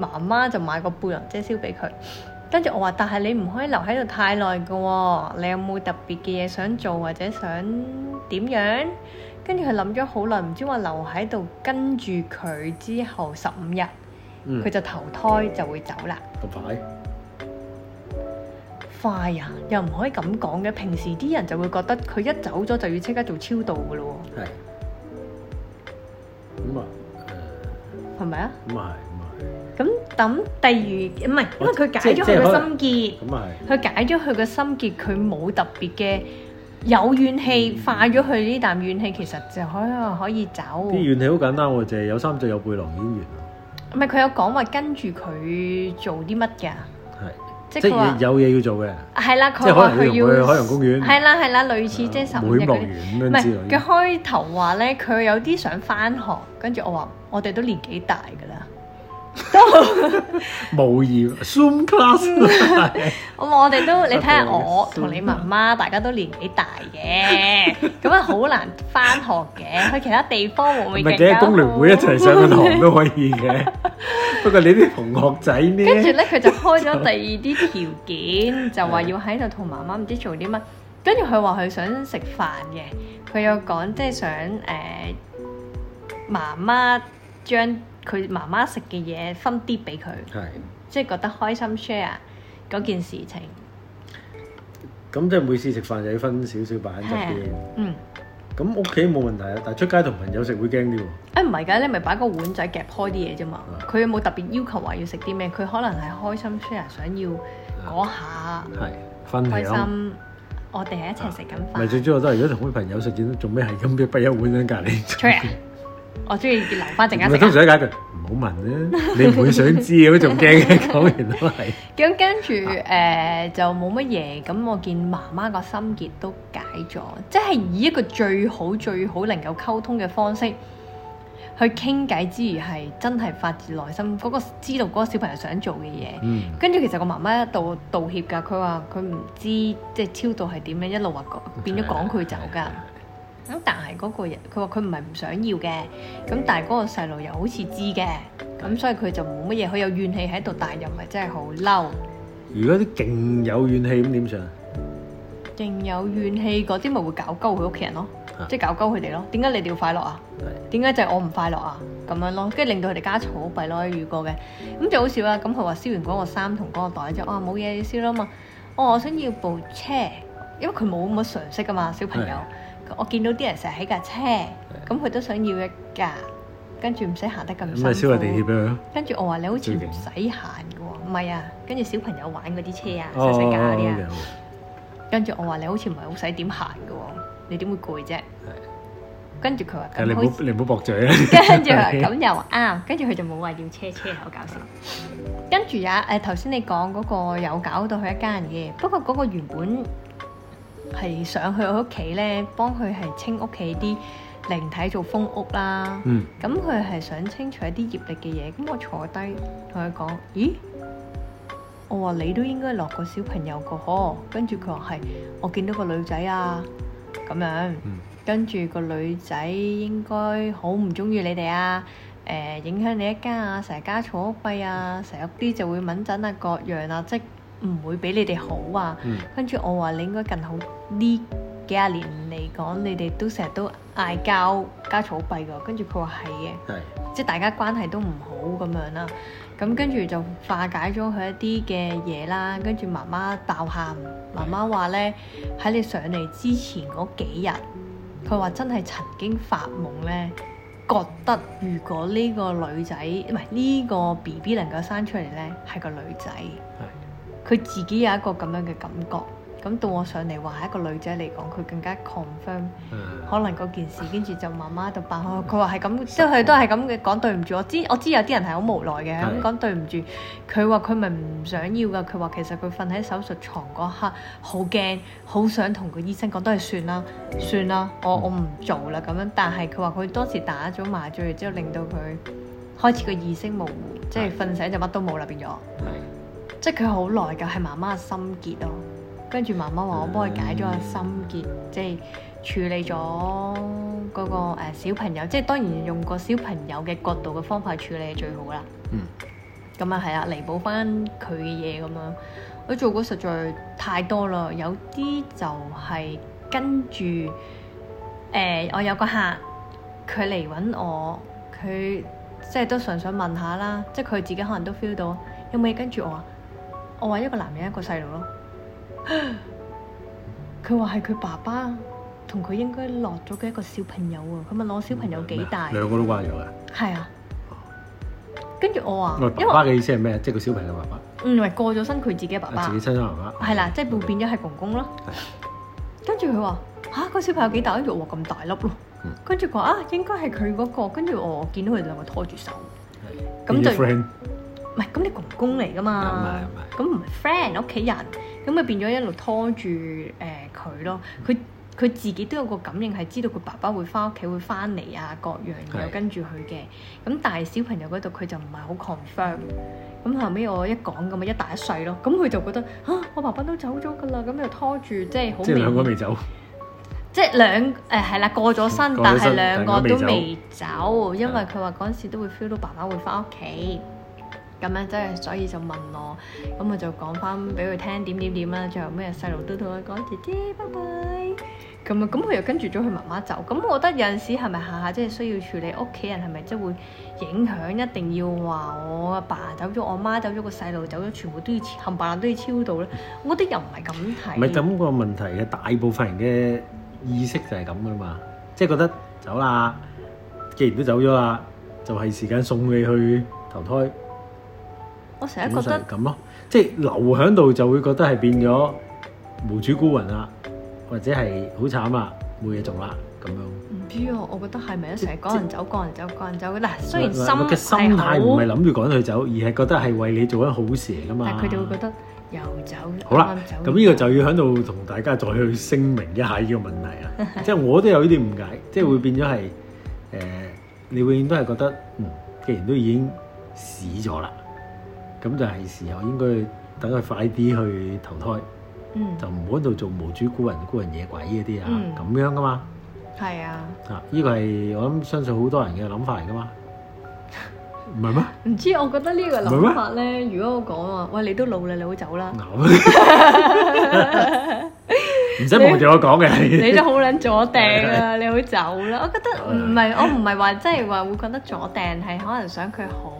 媽媽就買個背囊，即係燒俾佢。跟住我話，但係你唔可以留喺度太耐㗎喎。你有冇特別嘅嘢想做或者想點樣？跟住佢諗咗好耐，唔知話留喺度，跟住佢之後十五日，佢就投胎就會走啦。拜拜。壞啊，又唔可以咁講嘅。平時啲人就會覺得佢一走咗就要即刻做超渡噶咯。係，咁啊，係咪啊？咁啊係，咁啊係。咁等第二唔係，因為佢解咗佢心結，咁啊係。佢解咗佢個心結，佢冇特別嘅有怨氣，化咗佢呢啖怨氣，其實就可可以走。啲怨氣好簡單喎，就係有三聚有背囊妖緣。唔係，佢有講話跟住佢做啲乜噶？即係有嘢要做嘅，係啦，佢 要去海洋公園，係啦係啦，類似即係十五日。唔係佢開頭話咧，佢有啲想翻學，跟住 我話，我哋都年紀大㗎啦。都 無聊，Zoom class 啊！ 我我哋都， 你睇下我同你媽媽， 大家都年紀大嘅，咁啊好難翻學嘅， 去其他地方會唔會更加好？唔係幾工聯會一齊上緊堂都可以嘅， 不過你啲同學仔咧，跟住咧佢就開咗第二啲條件， 就話要喺度同媽媽唔知做啲乜，跟住佢話佢想食飯嘅，佢有講即係想誒、呃、媽，媽媽將。佢媽媽食嘅嘢分啲俾佢，的即係覺得開心 share 嗰件事情。咁、嗯、即係每次食飯就要分少少擺喺側邊。嗯。咁屋企冇問題啦，但係出街同朋友食會驚啲喎。誒唔係㗎，你咪擺個碗仔夾開啲嘢啫嘛。佢的有冇特別要求話要食啲咩？佢可能係開心 share，想要嗰下開心。我哋係一齊食緊飯。咪最主要都係如果同佢朋友食，點做咩係咁嘅？擺一碗喺隔籬。我中意留翻陣間。咁時解句，唔好 問啦，你唔會想知嘅，仲驚。講完都係。咁跟住誒、呃，就冇乜嘢。咁我見媽媽個心結都解咗，即係以一個最好最好能夠溝通嘅方式去傾偈之餘，係真係發自內心嗰、那個知道嗰個小朋友想做嘅嘢。嗯、跟住其實個媽媽一到道歉㗎，佢話佢唔知即係超度係點樣，一路話講變咗趕佢走㗎。 咁但係嗰個嘢，佢話佢唔係唔想要嘅。咁但係嗰個細路又好似知嘅，咁所以佢就冇乜嘢，佢有怨氣喺度，但又唔係真係好嬲。如果啲勁有怨氣咁點算？勁有怨氣嗰啲咪會搞鳩佢屋企人咯，即係搞鳩佢哋咯。點解你哋要快樂啊？點解就係我唔快樂啊？咁樣咯，跟住令到佢哋家嘈屋閉咯。如果遇過嘅咁就好笑啊。咁佢話燒完嗰個衫同嗰個袋之後，啊冇嘢要燒啦嘛。哦，我想要部車，因為佢冇乜常識噶嘛，小朋友。我見到啲人成日喺架車，咁佢都想要一架，跟住唔使行得咁辛苦。咁咪燒下地鐵俾佢。跟住我話你好似唔使行嘅喎，唔係啊？跟住小朋友玩嗰啲車啊，細細架嗰啲啊，跟住、oh, okay. 跟住我話你好似唔係好使點行嘅喎，你點會攰啫？跟住佢話：你好你唔好駁嘴。啊。跟住咁又啱，跟住佢就冇話要車車，好搞笑。跟住 啊，誒頭先你講嗰個有搞到佢一家人嘅，不過嗰個原本、嗯。係上去我屋企咧，幫佢係清屋企啲靈體做封屋啦。嗯，咁佢係想清除一啲業力嘅嘢。咁、嗯、我坐低同佢講，咦？我話你都應該落過小朋友個呵。跟住佢話係，我見到個女仔啊，咁樣。嗯、跟住個女仔應該好唔中意你哋啊。誒、呃，影響你一家啊，成日家坐屋閉啊，成屋啲就會敏震啊，各樣啊，即。唔會俾你哋好啊。跟住、嗯、我話你應該更好。呢幾廿年嚟講，你哋都成日都嗌交加草蔽㗎。跟住佢話係嘅，的即係大家關係都唔好咁樣啦。咁跟住就化解咗佢一啲嘅嘢啦。跟住媽媽爆喊，媽媽話呢，喺你上嚟之前嗰幾日，佢話真係曾經發夢呢，覺得如果呢個女仔唔係呢個 BB 能夠生出嚟呢，係個女仔。這個佢自己有一個咁樣嘅感覺，咁到我上嚟話係一個女仔嚟講，佢更加 confirm。可能嗰件事，跟住 就慢慢就擺開。佢話係咁，即係佢都係咁嘅講對唔住。我知我知有啲人係好無奈嘅，咁講對唔住。佢話佢咪唔想要噶。佢話其實佢瞓喺手術床嗰刻好驚，好想同個醫生講都係算啦，算啦，我我唔做啦咁樣。但係佢話佢當時打咗麻醉之後，令到佢開始個意識模糊，即係瞓醒就乜都冇啦，變咗。係對。即係佢好耐㗎，係媽媽嘅心結咯。跟住媽媽話：我幫佢解咗個心結，即係處理咗嗰個、呃、小朋友。即係當然用個小朋友嘅角度嘅方法處理最好啦。嗯。咁啊，係啊，彌補翻佢嘅嘢咁樣。我做過實在太多啦，有啲就係跟住誒、呃，我有個客佢嚟揾我，佢即係都純粹問下啦。即係佢自己可能都 feel 到有冇嘢跟住我。啊？我話一個男人一個細路咯，佢話係佢爸爸同佢應該落咗嘅一個小朋友啊。佢問我小朋友幾大？兩個都瓜咗啊。係啊，跟住我話，爸爸嘅意思係咩？即係個小朋友爸爸，唔係過咗身佢自己嘅爸爸。自己親爸爸。係啦，即係變咗係公公咯。係。跟住佢話吓個小朋友幾大？跟住我話咁大粒咯。嗯。跟住佢話啊，應該係佢嗰個。跟住我見到佢哋兩個拖住手。係。咁就。唔係，咁你公公嚟㗎嘛？唔唔係，咁唔係 friend 屋企人，咁咪變咗一路拖住誒佢咯。佢佢自己都有個感應，係知道佢爸爸會返屋企會返嚟啊，各樣嘢跟住佢嘅。咁但係小朋友嗰度佢就唔係好 confirm。咁後尾我一講咁咪一大一細咯，咁佢就覺得啊，我爸爸都走咗㗎啦，咁又拖住即係好。即係兩個未走，即係兩誒係啦，過咗身，身但係兩個，兩個都未走，因為佢話嗰陣時都會 feel 到爸爸會返屋企。咁樣，即係所以就問我，咁我就講翻俾佢聽點點點啦。最後咩細路都同佢講姐姐拜拜，咁啊咁佢又跟住咗佢媽媽走。咁我覺得有陣時係咪下下即係需要處理屋企人係咪即係會影響？一定要話我阿爸，爸走咗，我媽走咗，走個細路走咗，全部都要冚唪唥都要超渡咧？我覺得又唔係咁睇，唔係咁個問題嘅。大部分人嘅意識就係咁噶啦嘛，即係覺得走啦，既然都走咗啦，就係時間送你去投胎。我成日覺得咁咯，即係、就是、留喺度就會覺得係變咗無主孤魂啦，或者係好慘啦，冇嘢做啦咁樣。唔知啊，我覺得係咪成日趕人走這趕人走、趕人走、趕人走嗱？雖然心態唔係諗住趕佢走，而係覺得係為你做緊好事嚟㗎嘛。但係佢哋會覺得又走，好啦吧。咁呢個就要喺度同大家再去聲明一下呢個問題啊，即係 我都有呢啲誤解，即、就、係、是、會變咗係誒，嗯、你永遠都係覺得嗯，既然都已經死咗啦。咁就係時候應該等佢快啲去投胎，嗯、就唔好喺度做無主孤魂、孤魂野鬼嗰啲，嗯、啊！咁樣噶嘛，係啊，呢個係我諗相信好多人嘅諗法嚟噶嘛，唔係咩？唔知我覺得個呢個諗法咧，如果我講話，喂，你都老啦，你會走啦，唔使望住我講嘅，我講你，你都好捻左掟啊！你會走啦？我覺得唔係，我唔係話即係話會覺得左掟，係可能想佢好。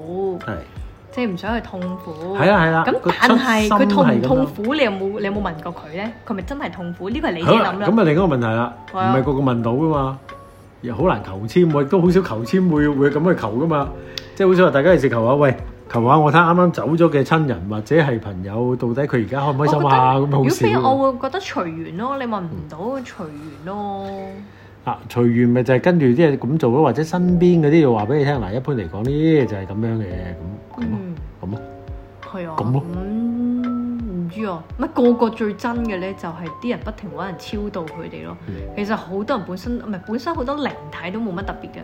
你唔想去痛苦。係啊，係啊。咁但係佢出心 痛唔痛苦，你有冇你有冇問過佢咧？佢咪真係痛苦？呢個係你先諗咁啊，另一個問題啦。唔係個個問到噶嘛？又好難求籤，亦都好少求籤會會咁去求噶嘛？即係好少話大家嚟求下啊，喂，求下啊，我睇啱啱走咗嘅親人或者係朋友，到底佢而家開唔開心啊？咁好如果非我會覺得隨緣咯，你問唔到、嗯、隨緣咯。啊，隨緣咪就係跟住啲嘢咁做咯，或者身邊嗰啲就話俾你聽嗱，一般嚟講呢就係咁樣嘅。咁唔、嗯、知哦，乜個個最真嘅咧，就係、是、啲人不停揾人超度佢哋咯。嗯、其實好多人本身唔係本身好多靈體都冇乜特別嘅，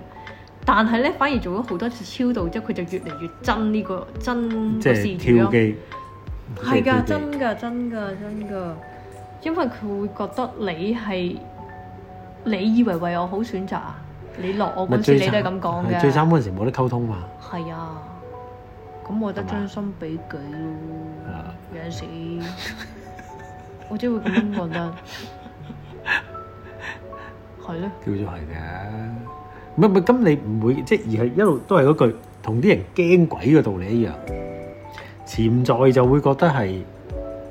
但係咧反而做咗好多次超度之後，佢就越嚟越真呢、這個真嘅事主咯。係㗎的機，真㗎，真㗎，真㗎。因為佢會覺得你係你以為為我好選擇啊。你落我嗰次你都係咁講嘅。最慘嗰陣時冇得溝通嘛。係啊。咁我覺得將心比己咯，有陣時我只會咁樣覺得，係咧叫做係嘅，唔係唔係，咁你唔會即而係一路都係嗰句，同啲人驚鬼嘅道理一樣，潛在就會覺得係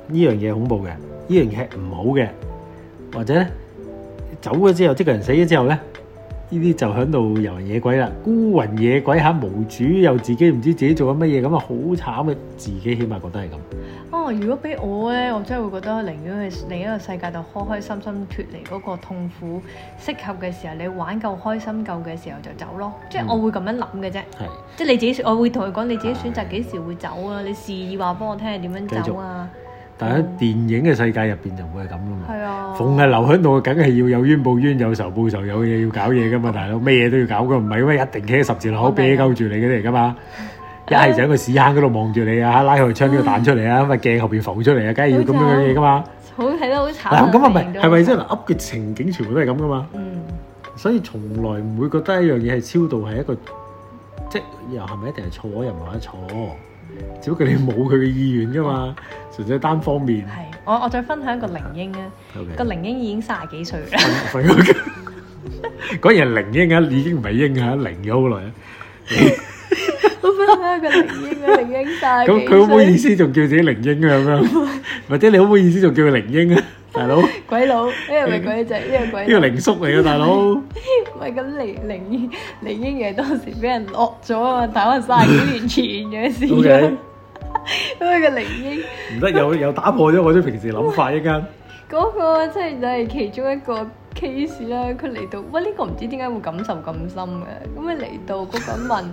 呢樣嘢恐怖嘅，呢樣嘢係唔好嘅，或者咧走咗之後，即個人死咗之後咧。呢啲就喺度遊魂野鬼啦，孤魂野鬼嚇無主，又自己唔知自己做緊乜嘢，咁啊好慘嘅，自己起碼覺得係咁。哦，如果俾我咧，我真係會覺得寧願去另一個世界度開開心心脫離嗰個痛苦，適合嘅時候，你玩夠開心夠嘅時候就走咯。嗯、即係我會咁樣諗嘅啫。係是。即係你自己，我會同佢講你自己選擇幾時會走啊？的你示意話俾我聽係點樣走啊？喺電影嘅世界入邊就會係咁咯嘛，係啊、逢係留喺度，梗係要有冤報冤，有仇報仇，仇，有嘢要搞嘢噶嘛，大佬咩嘢都要搞噶，唔係咁樣一定企十字路口啤鳩住你嗰啲嚟噶嘛，Okay. 一係就喺個屎坑嗰度望住你啊，拉開槍呢個彈出嚟啊，咁啊鏡後邊浮出嚟啊，梗係要咁樣嘅嘢噶嘛，好係咯，好慘嗱，咁啊唔係，係咪先嗱噏嘅情景全部都係咁噶嘛，嗯、所以從來唔會覺得一樣嘢係超度係一個，即係又係咪一定係錯？又唔係錯？只不過你冇佢嘅意願噶嘛，純粹單方面。係，我我再分享一個靈嬰啊，Okay. 個靈嬰已經三十幾歲啦。嗰人靈嬰啊，已經唔係嬰啊，靈咗好耐。好 分享一個靈嬰啊， 靈嬰大。咁佢好唔好意思，仲叫自己靈嬰啊？咁樣，或者你好唔好意思，仲叫佢靈嬰啊？大佬，鬼佬，呢係咪鬼仔？呢個鬼，呢個靈叔嚟嘅，大佬。唔喂， 咁靈靈靈嬰爺當時俾人惡咗啊，睇下卅幾年前嘅事啦、啊。 嗯、okay. 因為個靈嬰唔得，又又 打破咗我啲平時諗法一間。嗰、那個即係、那個、其中一個 case 啦，佢嚟到，喂呢、這個唔知點解會感受咁深嘅，咁佢嚟到，嗰個人問，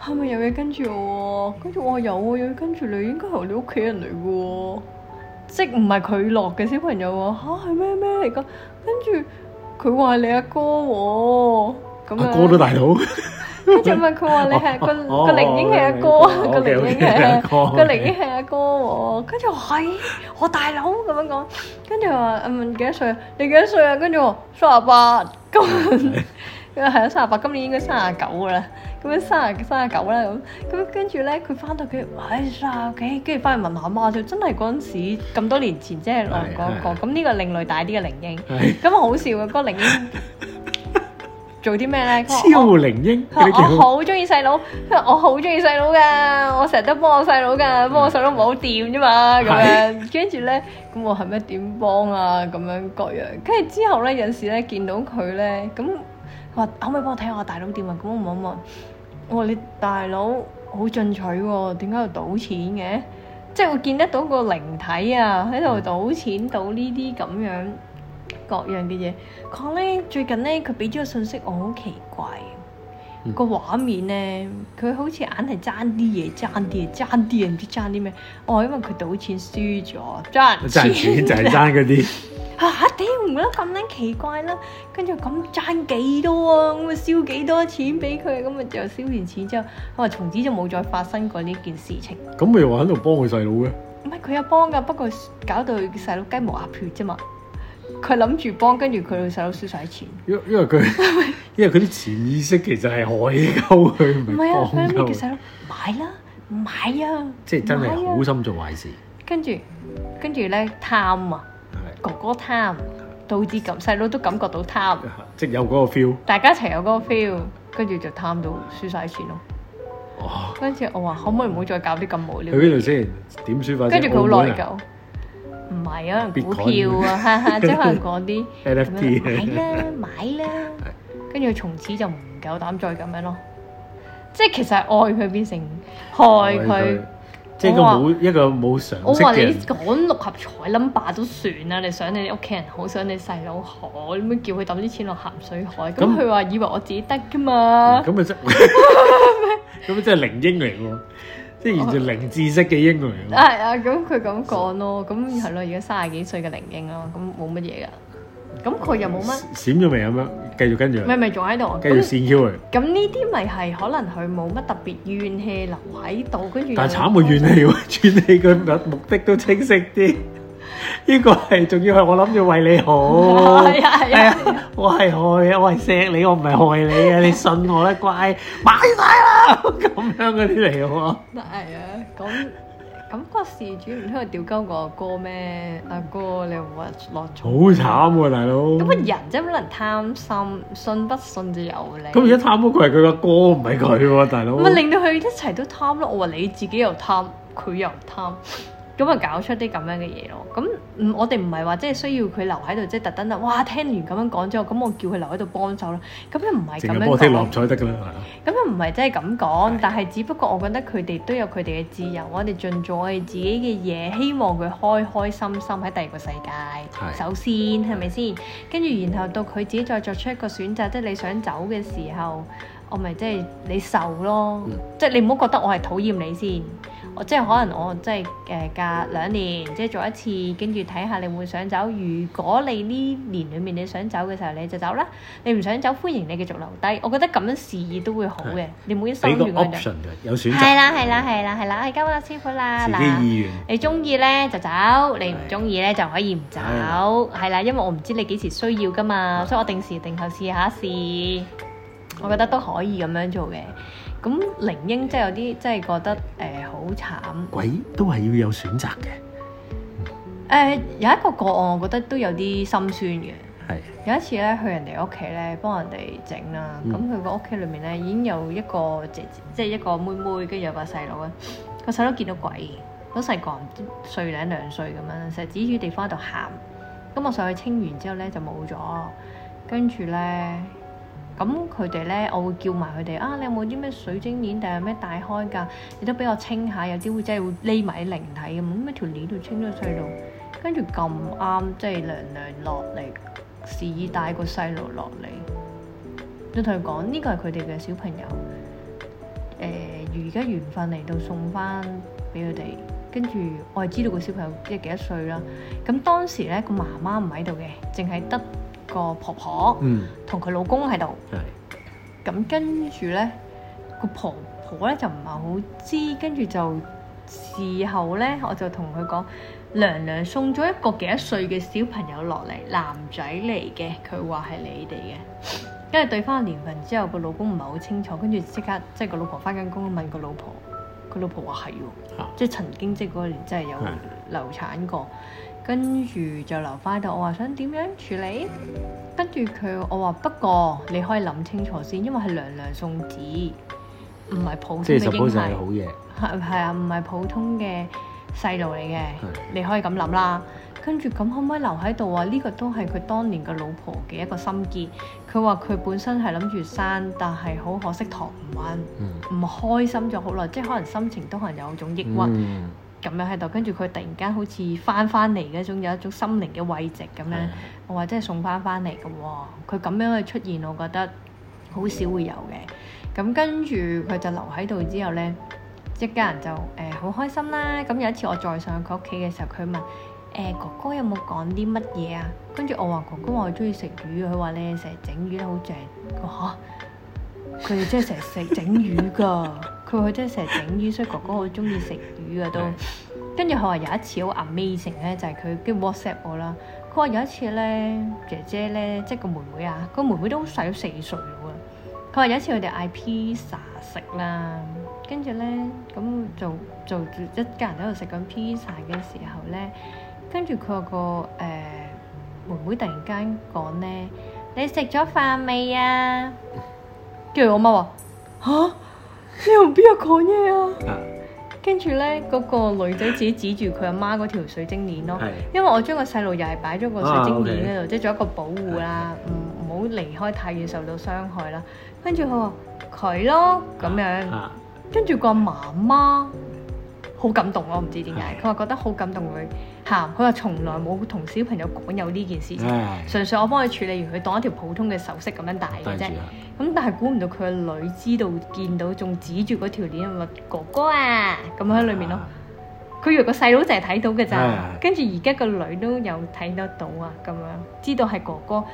係咪 有嘢跟住我？跟住我話有有，有跟住你，應該係你屋企人嚟嘅。即唔係佢落嘅小朋友喎嚇，係咩咩嚟噶？跟住佢話你阿哥喎，咁阿哥都大佬。跟住問佢話你係個個靈嬰係阿哥，個靈嬰係個靈嬰係阿哥喎。跟住話係我大佬咁樣講。跟住話啊，問幾多歲？你幾多歲啊？跟住我卅八今，係啊卅八，今年應該卅九噶啦。咁樣三廿三廿九咧咁，咁跟住咧佢翻到佢，哎三廿幾，跟住翻去問阿媽啫，真係嗰陣時咁多年前，即係我講講咁呢個另類大啲嘅靈嬰，咁好笑嘅嗰個靈嬰做啲咩咧？超靈嬰，我好中意細佬，我好中意細佬噶，我成日都幫我細佬噶，幫我細佬唔好掂啫嘛，咁樣跟住咧，咁我係咩點幫啊？咁樣各樣，跟住之後咧有時咧見到佢咧，咁佢話可唔可以幫我睇下我大佬掂啊？咁我望一望。我、哦、你大佬好進取喎、哦，點解要賭錢嘅？即係我見得到個靈體啊，喺度賭錢到呢啲咁樣各樣嘅嘢。佢咧最近咧佢俾咗個信息我好奇怪，個、嗯、畫面咧佢好似硬係爭啲嘢，爭啲嘢，爭啲嘢，唔知爭啲咩？哦，因為佢賭錢輸咗，爭錢就係爭嗰啲。 嚇！點覺得咁撚奇怪啦，跟住咁賺幾多，啊？咁咪燒幾多錢俾佢，咁咪就燒完錢之後，我話從此就冇再發生過呢件事情。咁咪又話喺度幫佢細佬嘅？唔係佢有幫噶，不過搞到佢細佬雞毛鴨血啫嘛。佢諗住幫，跟住佢細佬燒晒錢。因因為佢， 因為佢啲潛意識其實係害鳩佢，唔係啊！咩叫細佬？買啦，買啊！即係真係好心做壞事。跟住，跟住咧貪啊！哥哥貪，導致咁細佬都感覺到貪，即有嗰個 feel。大家一齊有嗰個 feel，跟住就貪到輸晒錢咯。跟住我話可唔可以唔好再搞啲咁無聊。去邊度先？點輸法？跟住佢好內疚。唔係啊，股票啊，即係講啲。買啦，買啦。跟住從此就唔夠膽再咁樣咯。即係其實愛佢變成害佢。即係個冇一個冇常識嘅，我話你講六合彩 number 都算啦，啊，你想你屋企人好，想你細佬好，咁樣叫佢抌啲錢落鹹水海，咁佢話以為我自己得㗎嘛。咁咪即咁咪真係靈 不是 嬰嚟喎，即係完全零知識嘅嬰嚟。係啊，咁佢咁講咯，咁係咯，而家卅幾歲嘅靈嬰咯，咁冇乜嘢㗎。咁佢又冇乜閃咗未咁樣，繼續跟住。咪咪仲喺度，繼續閃咗佢。咁呢啲咪係可能佢冇乜特別怨氣留喺度。跟住。但係慘會怨氣喎，怨氣佢目的都清晰啲。呢個係仲要係我諗住為你好。係啊係啊。我係愛啊，我係錫你，我唔係害你啊！你信我啦，乖，買曬啦，咁樣嗰啲嚟喎。係啊，咁。咁、嗯，嗰個事主唔通係吊鳩我阿哥咩？阿、啊、哥你好慘喎，啊，大佬。咁啊人真係可能貪心，信不信就由你。咁而家貪嗰個係佢個哥，唔係佢喎，大佬。咪令到佢一齊都貪咯？我話你自己又貪，佢又貪。 咁咪搞出啲咁樣嘅嘢咯？咁我哋唔係話即係需要佢留喺度，即係特登啊！哇，聽完咁樣講之後，咁我叫佢留喺度幫手啦。咁又唔係咁樣講。直播聽六合彩得嘅咩？咁又唔係真係咁講，的但係只不過我覺得佢哋都有佢哋嘅自由，我哋盡做我哋自己嘅嘢，希望佢開開心心喺第二個世界的首先，係咪先？跟住然後到佢自己再作出一個選擇，即係你想走嘅時候，我咪即係你受咯，嗯、即係你唔好覺得我係討厭你先。我即係可能我即係誒隔兩年即係做一次，跟住睇下你會唔會想走。如果你呢年裡面你想走嘅時候，你就走啦。你唔想走，歡迎你繼續留低。我覺得咁樣示意都會好嘅。的你每一個 option 嘅就有選擇。係啦係啦係啦係啦，交翻阿師傅啦，嗱，你中意咧就走，你唔中意咧就可以唔走。係啦的，因為我唔知你幾時需要噶嘛，的所以我定時定候試下試,試。我覺得都可以咁樣做嘅。咁靈嬰即係有啲即係覺得誒好、呃、慘。鬼都係要有選擇嘅。誒、呃、有一個個案，我覺得都有啲心酸嘅。係的。有一次咧去人哋屋企咧幫人哋整啦，咁佢個屋企裏面咧已經有一個姐即係一個妹妹，跟住有個細佬啊。個細佬見到鬼，好細個，碎零兩歲歲零兩歲咁樣，成日指住地方喺度喊。咁我上去清完之後咧就冇咗，跟住咧。咁佢哋咧，我會叫埋佢哋啊！你有冇啲咩水晶鏈定係咩戴開㗎？你都俾我清下，有啲會真係會匿埋喺靈體咁，咩條鏈都清咗細路，跟住咁啱即係娘娘落嚟，示意帶個細路落嚟，就同佢講呢個係佢哋嘅小朋友，誒而家緣分嚟到送翻俾佢哋，跟住我係知道個小朋友即係幾多歲啦。咁當時咧個媽媽唔喺度嘅，淨係得。個婆婆同佢、嗯、老公喺度，咁的跟住呢，個婆婆咧就唔係好知，跟住就事後呢，我就同佢講，娘娘送咗一個幾多歲嘅小朋友落嚟，男仔嚟嘅，佢話係你哋嘅，跟住對翻個年份之後，個老公唔係好清楚，跟住即刻即係個老婆返緊工問個老婆，佢老婆話係喎，即係曾經即係嗰年即係有流產過。跟住就留翻度，我話想點樣處理？跟住佢我話不過你可以諗清楚先，因為係娘娘送子，唔係、嗯、普通嘅嬰係係好嘢。係啊是，唔係普通嘅細路嚟嘅，是你可以咁諗啦。跟住咁可唔可以留喺度啊？呢、這個都係佢當年嘅老婆嘅一個心結。佢話佢本身係諗住生，但係好可惜佗唔穩，唔、嗯、開心咗好耐，即係可能心情都可能有種抑鬱。嗯咁樣喺度，跟住佢突然間好似翻翻嚟嗰種，有一種心靈嘅慰藉咁樣，我話 送翻翻嚟嘅喎。佢咁樣嘅出現，我覺得好少會有嘅。咁跟住佢就留喺度之後呢，一家人就誒好、欸、開心啦。咁有一次我再上佢屋企嘅時候，佢問：誒、欸、哥哥有冇講啲乜嘢啊？跟住我話：哥哥我中意食魚，佢話咧，成日整魚都好正嘅嚇。佢哋、啊、真係成日食整魚㗎。佢真係成日整魚，所以哥哥好中意食魚啊。都。跟住佢話有一次好 amazing 咧，就係、是、佢跟 WhatsApp 我啦。佢話有一次咧，姐姐咧，即係個妹妹啊，個妹妹都好細咗四歲喎。佢話有一次佢哋嗌 pizza 食啦，跟住咧，咁就就一家人喺度食緊 pizza 嘅時候咧，跟住佢話個誒妹妹突然間講咧，你食咗飯未啊？」跟住我媽話：嚇！你同邊個講嘢啊？跟住咧，嗰、那個女仔自己指住佢阿媽嗰條水晶鏈咯，是因為我將個細路又係擺咗個水晶鏈喺度，即係、啊、做一個保護啦，唔唔好離開太遠受到傷害啦。跟住佢話佢咯咁樣，跟住、啊啊、個媽媽。好感動，我唔知點解，佢話的覺得好感動佢喊，佢、嗯、話從來冇同小朋友講有呢件事，情的。純粹我幫佢處理完，佢當一條普通嘅首飾咁樣戴嘅啫。咁、啊、但係估唔到佢個女知道見到，仲指住嗰條鏈，話哥哥啊咁喺裏面咯。佢以為個細佬就係睇到嘅咋，跟住而家個女都有睇得到啊，咁樣知道係哥哥，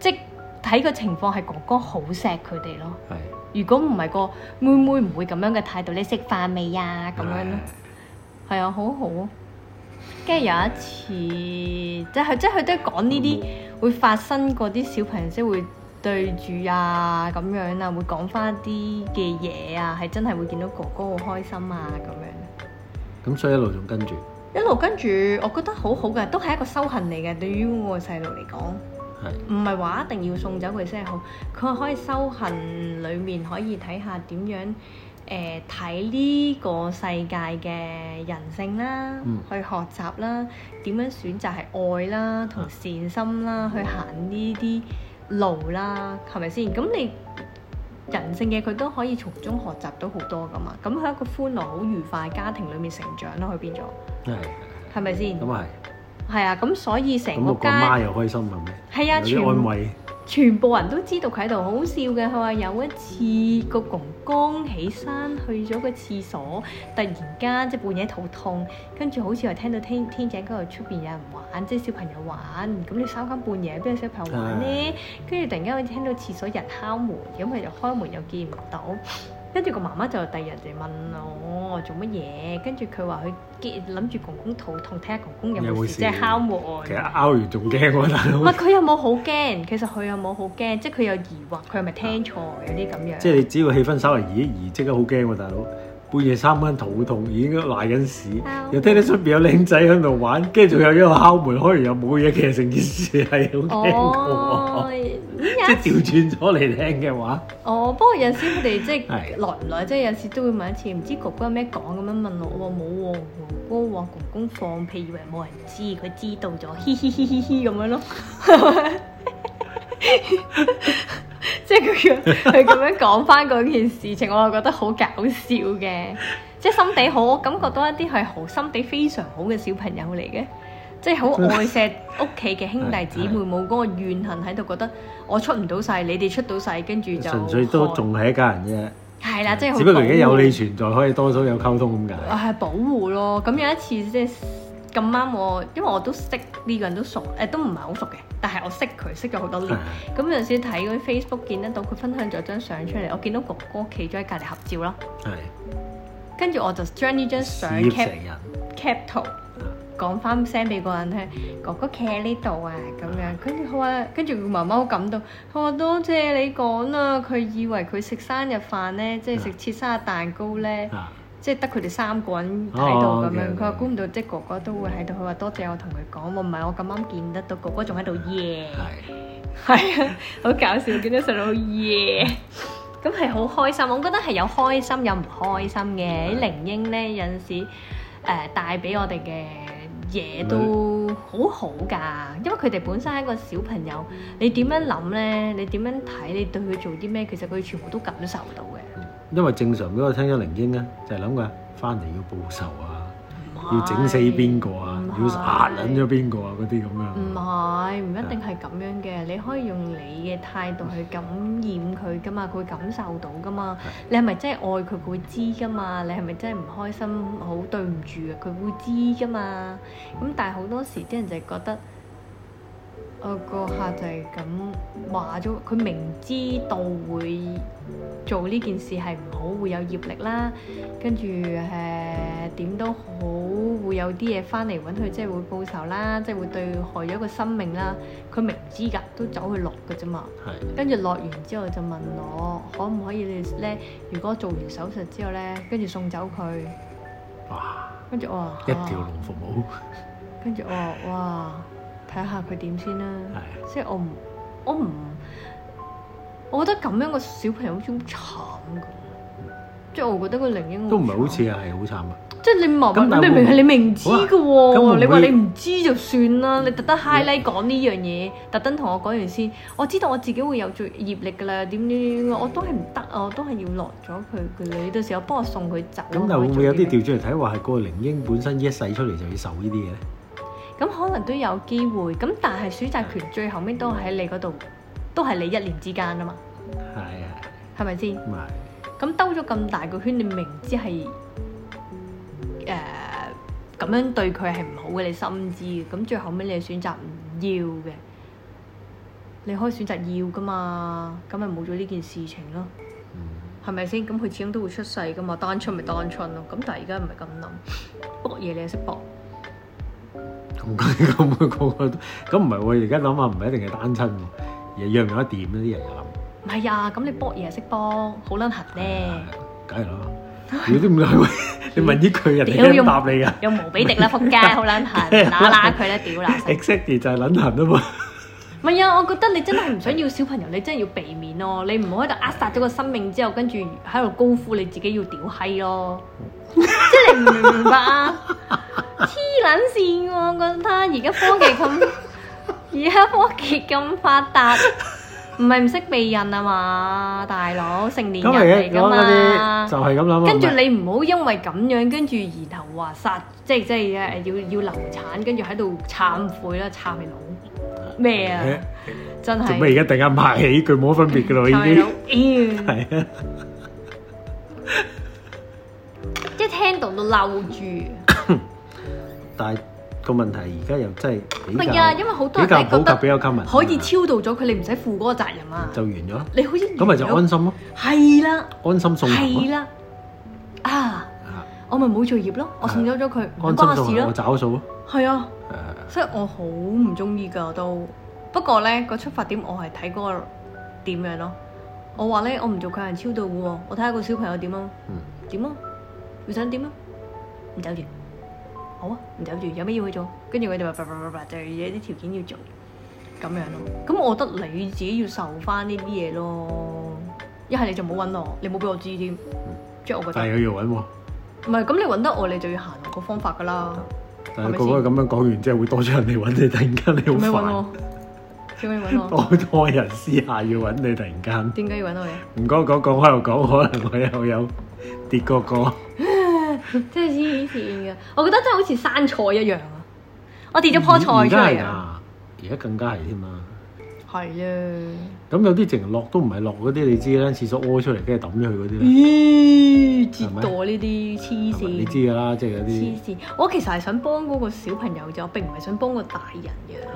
即睇個情況係哥哥好錫佢哋咯。的的如果唔係個妹妹唔會咁樣嘅態度。你食飯未啊？咁樣咯。的係啊，好好。跟住有一次，即係即係佢都講呢啲會發生嗰啲小朋友，即係會對住啊咁樣啊，樣會講翻啲嘅嘢啊，係真係會見到哥哥好開心啊咁樣。咁、嗯、所以一路仲跟住，一路跟住，我覺得好好嘅，都係一個修行嚟嘅。對於我個細路嚟講，唔係話一定要送走佢先係好，佢可以修行，裡面可以睇下點樣。誒睇呢個世界嘅人性啦，嗯、去學習啦，點樣選擇係愛啦同善心啦，啊、去行呢啲路啦，係咪先？咁你人性嘅佢都可以從中學習到好多㗎嘛。咁喺一個歡樂、好愉快家庭裏面成長啦，去邊咗？係係咪先？咁係係啊！咁所以成個家、嗯、又開心咁，嗯啊、有啲安慰。全部人都知道佢喺度好笑嘅，佢話有一次個公公起身去咗個廁所，突然間即半夜肚痛，跟住好似又聽到天天井嗰度出邊有人玩，即小朋友玩，咁你三更半夜邊有小朋友玩呢？跟住、啊、突然間我聽到廁所人敲門，咁佢就開門又見唔到。跟住個媽媽就第二日嚟問我、哦、做乜嘢，跟住佢話佢結諗住公公肚痛，睇下公公有冇事，有冇事即係敲門、啊。其實敲完仲驚喎大佬。唔係佢有冇好驚？其實佢有冇好驚？即係佢有疑惑，佢係咪聽錯？嗯、有啲咁樣。即係你只要氣氛稍微移一移，即刻好驚喎大佬。半夜三更肚痛已經瀨緊屎，Hello. 又聽到出邊有僆仔喺度玩，跟住仲有一個敲門開完，可能又冇嘢，其實成件事係好驚，oh, 即係調轉咗嚟聽嘅話。哦，不過有時佢哋即係耐唔耐，即係有時都會問一次，唔知哥哥有咩講咁樣問我。我話冇喎，哥哥話公公放屁，以為冇人知，佢知道咗，嘻嘻嘻嘻咁樣咯。 即係佢咁樣講翻嗰件事情，我又覺得好搞笑嘅。即係心地好，我感覺到一啲係好心地非常好嘅小朋友嚟嘅。即係好愛錫屋企嘅兄弟姊妹，冇嗰個怨恨喺度，覺得我出唔到世，你哋出到世，跟住就純粹都仲係一家人啫。係啦，即係。只不過而家有你存在，可以多數有溝通咁解。係保護咯。咁有一次即係。咁啱我，因為我都識呢、呢個人都熟，誒、呃、都唔係好熟嘅，但係我識佢識咗好多年。咁、啊、有陣時睇嗰 Facebook 見得到佢分享咗張相出嚟，我見到哥哥企咗喺隔離合照咯。係、嗯。跟住我就將呢張相 cap cap 圖，講翻聲俾嗰個人聽，嗯、哥哥企喺呢度啊，咁樣。跟住佢話，跟住佢媽媽好感動，佢話多謝你講啊。佢以為佢食生日飯咧，即係食切生日蛋糕咧。啊即係得佢哋三個人喺度咁樣，佢話估唔到，即係哥哥都會喺度。佢話多謝我同佢講，我唔係我咁啱見得到哥哥仲喺度耶，係啊，好搞笑見到細佬耶，咁係好開心。我覺得係有開心有唔開心嘅啲靈嬰咧，有時誒、呃、帶俾我哋嘅嘢都好好㗎，mm. 因為佢哋本身係一個小朋友，你點樣諗咧？你點樣睇？你對佢做啲咩？其實佢全部都感受到嘅。因為正常嗰個聽咗靈嬰咧，就係諗噶，翻嚟要報仇啊，是要整死邊個啊，是要殺撚咗邊個啊，嗰啲咁樣。唔係，唔一定係咁樣嘅。的你可以用你嘅態度去感染佢噶嘛，佢會感受到噶嘛，的嘛。你係咪真係愛佢？佢會知噶嘛。你係咪真係唔開心？好對唔住啊，佢會知噶嘛。咁但係好多時啲人就係覺得。我個客就係咁話咗，佢明知道會做呢件事係唔好，會有業力啦。跟住誒點都好，會有啲嘢翻嚟揾佢，即係會報仇啦，即係會對害咗個生命啦。佢明知㗎，都走去落㗎啫嘛。跟住的落完之後就問我，可唔可以咧？如果做完手術之後呢，跟住送走佢。哇！跟住我話一條龍服務。跟住我話哇！睇下佢點先啦，啊，唉即係我唔，我唔，我覺得咁樣個小朋友好似好慘咁，嗯、即係我覺得個靈嬰都唔係好似啊，係好慘啊！即係你明，咁你明係你明知嘅喎，你話你唔知就算啦，你特登 highlight 講呢樣嘢，特登同我講完先，我知道我自己會有罪業力嘅啦，點點點，我都係唔得啊，我都係要落咗佢嘅，你到時候我幫我送佢走。咁又會唔會有啲調轉嚟睇，話係，嗯、個靈嬰本身一世出嚟就要受呢啲嘅咧？咁可能都有機會，咁但係選擇權最後尾都喺你嗰度， 都係你一念之間啊嘛。係啊，係咪先？唔係。咁兜咗咁大個圈，你明知係誒咁樣對佢係唔好嘅，你心知嘅。咁最後尾你選擇唔要嘅，你可以選擇要噶嘛。咁咪冇咗呢件事情咯。嗯。係咪先？咁佢始終都會出世噶嘛，單親咪單親咯、啊。咁但係而家唔係咁諗，搏嘢你係識搏。咁佢個個都咁唔係喎，而家諗下唔係一定係單親喎，又樣有一點咧啲人又諗。唔係啊，咁你幫嘢識幫，好撚痕咧，梗係啦。如果都唔係喎，你問啲佢，人哋點答你啊？有無比敵啦，撲街好撚痕，打撚佢咧，屌爛。Exactly 就係撚痕啊嘛。唔係啊，我覺得你真係唔想要小朋友，你真係要避免咯。你唔好喺度扼殺咗個生命之後，跟住喺度高呼你自己要屌閪咯。即係你唔明唔明白啊？黐撚線喎！我覺得而家科技咁，而家科技咁發達，唔係唔識避孕啊嘛，大佬成年人嚟噶嘛。就係咁諗啊！跟住你唔好因為咁樣，跟住而頭話殺，即係即係誒要要流產，跟住喺度懺悔啦，慚老咩啊！真係做咩而家突然間罵起，佢冇分別噶咯已經。係啊！一聽到都嬲住。但係個問題而家又真係比較，比較普及，比較吸引，可以超度咗佢，你唔使負嗰個責任啊，就完咗。你好似咁咪就安心咯，係啦，安心送，係啦，啊，我咪冇做業咯，我送走咗佢唔關我事咯，我找數咯，係啊，所以我好唔中意噶都。不過呢個出發點我係睇嗰個點樣咯，我話呢我唔做佢人超度喎，我睇下個小朋友點啊，點啊，你想點啊，唔走住。好，唔走住，有咩要去做？跟住佢哋就話，叭叭叭叭，就係有啲條件要做，咁樣咯。咁我覺得你自己要受翻呢啲嘢咯。一係你就唔好揾我，你冇俾我知添。即係我覺得。但係我要揾喎。唔係，咁你揾得我，你就要行個方法㗎啦。但係嗰個咁樣講完之後，會多出人嚟揾你，突然間你好煩。做咩揾我？好多人私下要揾你，突然間。點解要揾我嘅？唔該，講講開又講，可能我又有跌個個。即係黐線噶，我覺得真係好似生菜一樣啊！我跌咗樖菜出嚟。啊，而家更加係添啊。係啊的。咁有啲淨落都唔係落嗰啲，你知啦。廁所屙出嚟，跟住抌咗去嗰啲咧。咦嘯！折墮呢啲黐線。你知噶啦，即係有啲。黐線，我其實係想幫嗰個小朋友，就我並唔係想幫個大人嘅。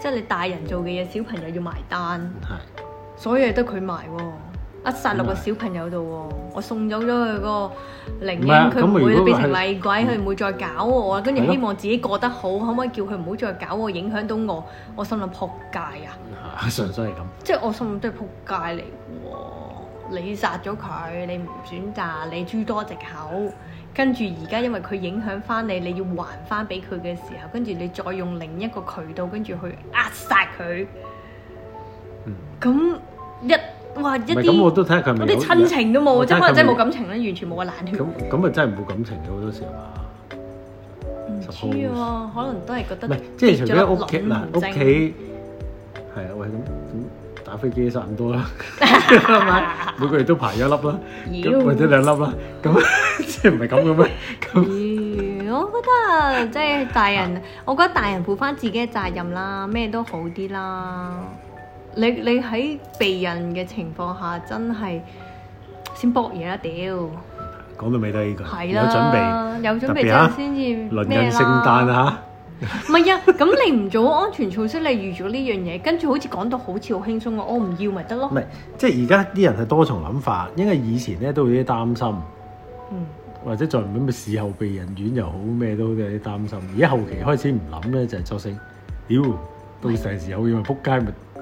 即係的你大人做嘅嘢，嗯、小朋友要埋單。係的。所以係得佢埋喎。扼殺落個小朋友度喎，是我送走咗佢個靈嬰，佢唔是會變成厲鬼，佢唔會再搞我。啊、嗯。跟住希望自己過得好，了可唔可以叫佢唔好再搞我，影響到我？我心諗撲街啊！啊，純粹係咁，即係我心諗都係撲街嚟喎。你殺咗佢，你唔選擇，你諸多藉口。跟住而家因為佢影響翻你，你要還翻俾佢嘅時候，跟住你再用另一個渠道跟住去扼殺佢。嗯，咁一。哇！一啲嗰啲親情都冇，真係真係冇感情啦，完全冇個冷血。咁咁啊，真係冇感情嘅好多時候啊嘛。唔知喎，可能都係覺得。唔係，即係除咗屋企嗱，屋企係啊，喂咁咁打飛機散唔多啦，每個月都排一粒啦，或者兩粒啦，咁即係唔係咁嘅咩？咦，我覺得即係大人，我覺得大人負翻自己嘅責任啦，咩都好啲啦。你你喺避孕嘅情況下，真係先搏嘢啦！屌，講到尾都係呢句，有準備有準備先至咩啦？聖誕啊，唔係啊，咁你唔做好安全措施，你預咗呢樣嘢，跟住好似講到好似好輕鬆啊！我唔要咪得咯，唔係即係而家啲人係多重諗法，因為以前咧都有啲擔心，嗯，或者再唔咁咪事後避孕丸又好咩都都有啲擔心，而家後期開始唔諗咧就係作聲，屌到成時有嘢咪撲街咪。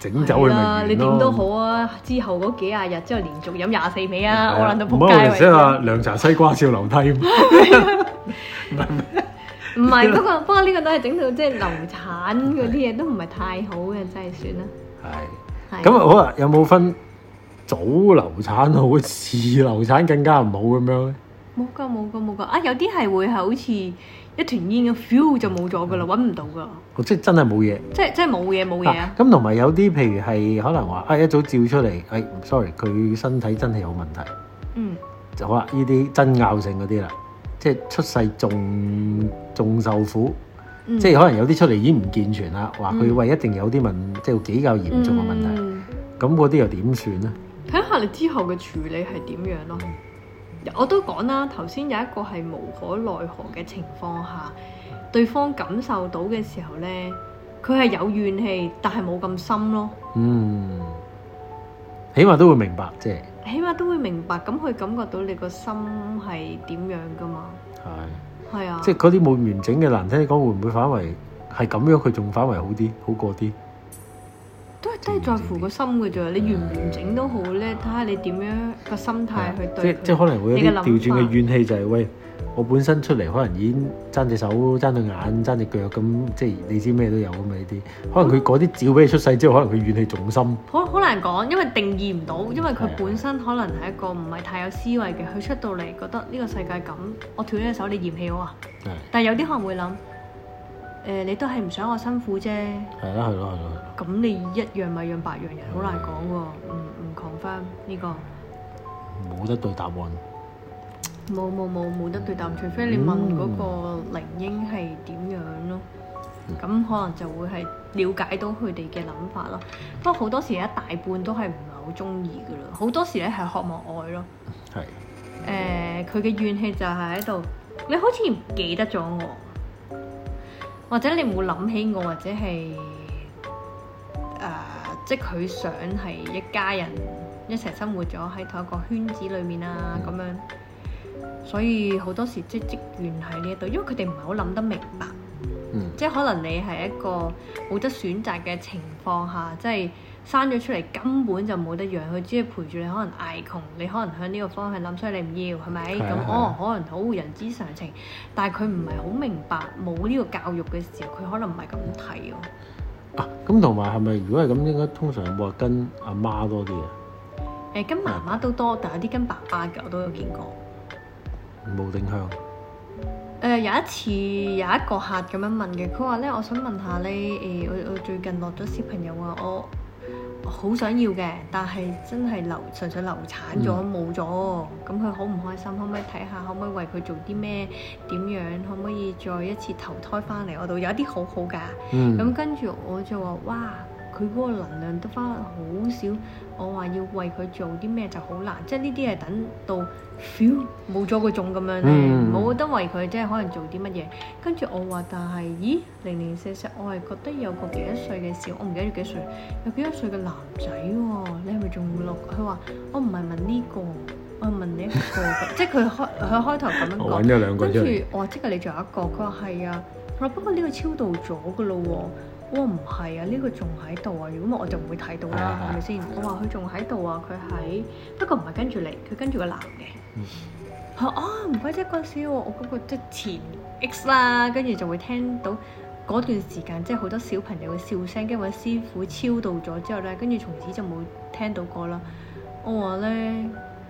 整走佢咪完咯！你點都好啊！之後嗰幾廿日之後連續飲廿四味啊，我諗都仆街。唔好意思啊，涼茶西瓜笑流涕。唔係嗰個，不過呢個都係整到即係流產嗰啲嘢，都唔係太好嘅，真係算啦。係。咁啊好啦，有冇分早流產好，遲流產更加唔好咁樣咧？冇㗎冇㗎冇㗎，啊有啲係會係好似。一團煙嘅 feel 就冇咗㗎啦，揾唔到噶。哦，即係真係冇嘢。即係即係冇嘢冇嘢啊！咁同埋有啲譬如係可能話啊、哎，一早照出嚟係，sorry，佢身體真係有問題。嗯。就好啊，呢啲爭拗性嗰啲啦，即係出世仲仲受苦，嗯、即係可能有啲出嚟已經唔健全啦，話佢、嗯、喂一定有啲問，即係比較嚴重嘅問題。咁嗰啲又點算咧？睇下你之後嘅處理係點樣咯？嗯。我都講啦，頭先有一個係無可奈何嘅情況下，對方感受到嘅時候呢，佢係有怨氣，但係冇咁深咯。嗯，起碼都會明白，即係起碼都會明白，咁佢感覺到你個心係點樣㗎嘛？係，係啊，即係嗰啲冇完整嘅難聽啲講，會唔會反為係咁樣？佢仲反為好啲，好過啲。都係真係在乎個心嘅啫，你完唔完整都好咧，睇下你點樣個心態去對。即即可能會有啲調轉嘅怨氣就係、是，喂，我本身出嚟可能已經爭隻手、爭對眼、爭隻腳咁，即係你知咩都有咁。」嘛呢啲。可能佢嗰啲照俾你出世之後，可能佢怨氣重深。好、嗯，好難講，因為定義唔到，因為佢本身可能係一個唔係太有思維嘅，佢的出到嚟覺得呢個世界咁，我斷咗隻手，你嫌棄我啊。的但係有啲可能會諗。誒，你都係唔想我辛苦啫。係啦，係咯，係咯。咁你一樣咪養白羊人，好難講喎。唔唔 confirm 呢個，冇得對答案。冇冇冇冇得對答案，除非你問嗰個靈嬰係點樣咯。咁可能就會係了解到佢哋嘅諗法咯。不過好多時一大半都係唔係好中意噶啦，好多時咧係渴望愛咯。係。誒，佢嘅怨氣就係喺度，你好似唔記得咗我。或者你冇諗起我，或者係誒、呃，即佢想係一家人一齊生活咗喺同一個圈子裏面啊咁、mm hmm. 樣，所以好多時即係積怨喺呢一度，因為佢哋唔係好諗得明白，mm hmm. 即係可能你係一個冇得選擇嘅情況下，即係。生咗出嚟根本就冇得養，佢只係陪住你，可能挨窮，你可能向呢個方向諗，所以你唔要係咪？咁、 嗯、可能，可能好人之常情，但係佢唔係好明白冇呢、嗯、個教育嘅時候，佢可能唔係咁睇咯。咁同埋係咪？如果係咁，應該通常話跟阿媽，媽多啲啊、呃。跟媽媽都多，嗯、但係啲跟爸爸嘅我都有見過。冇定向、呃。有一次有一個客咁樣問嘅，佢話呢，我想問下咧，我、呃、我最近落咗小朋友啊，我。好想要嘅，但係真係流，純粹流產咗冇咗，咁佢好唔開心，可唔可以睇下，可唔可以為佢做啲咩？點樣可唔可以再一次投胎翻嚟我度？有一啲好好噶，咁、嗯、跟住我就話：哇！佢嗰個能量得翻好少，我話要為佢做啲咩就好難，即係呢啲係等到 feel 冇咗個種咁樣，冇得、嗯、為佢即係可能做啲乜嘢。跟住我話，但係咦，零零四舍，我係覺得有個幾多歲嘅事，我唔記得咗幾多歲，有幾多歲嘅男仔喎、哦？你係咪仲六？佢話、嗯、我唔係問呢、這個，我問你一個， 即係佢開佢開頭咁樣講，跟住我着來、哦、即係你仲有一個，佢話係啊，我不過呢個超度咗嘅咯喎。 我唔係啊，呢個仲喺度啊，如果唔係我就唔會睇到啦，係咪先？我話佢仲喺度啊，佢喺不過唔係跟住嚟。佢跟住個男嘅。哦，唔怪得嗰時我我嗰個即前 ex 啦，跟住就會聽到嗰段時間即係好多小朋友嘅笑聲，跟住師傅超度咗之後咧，跟住從此就冇聽到過啦。我話咧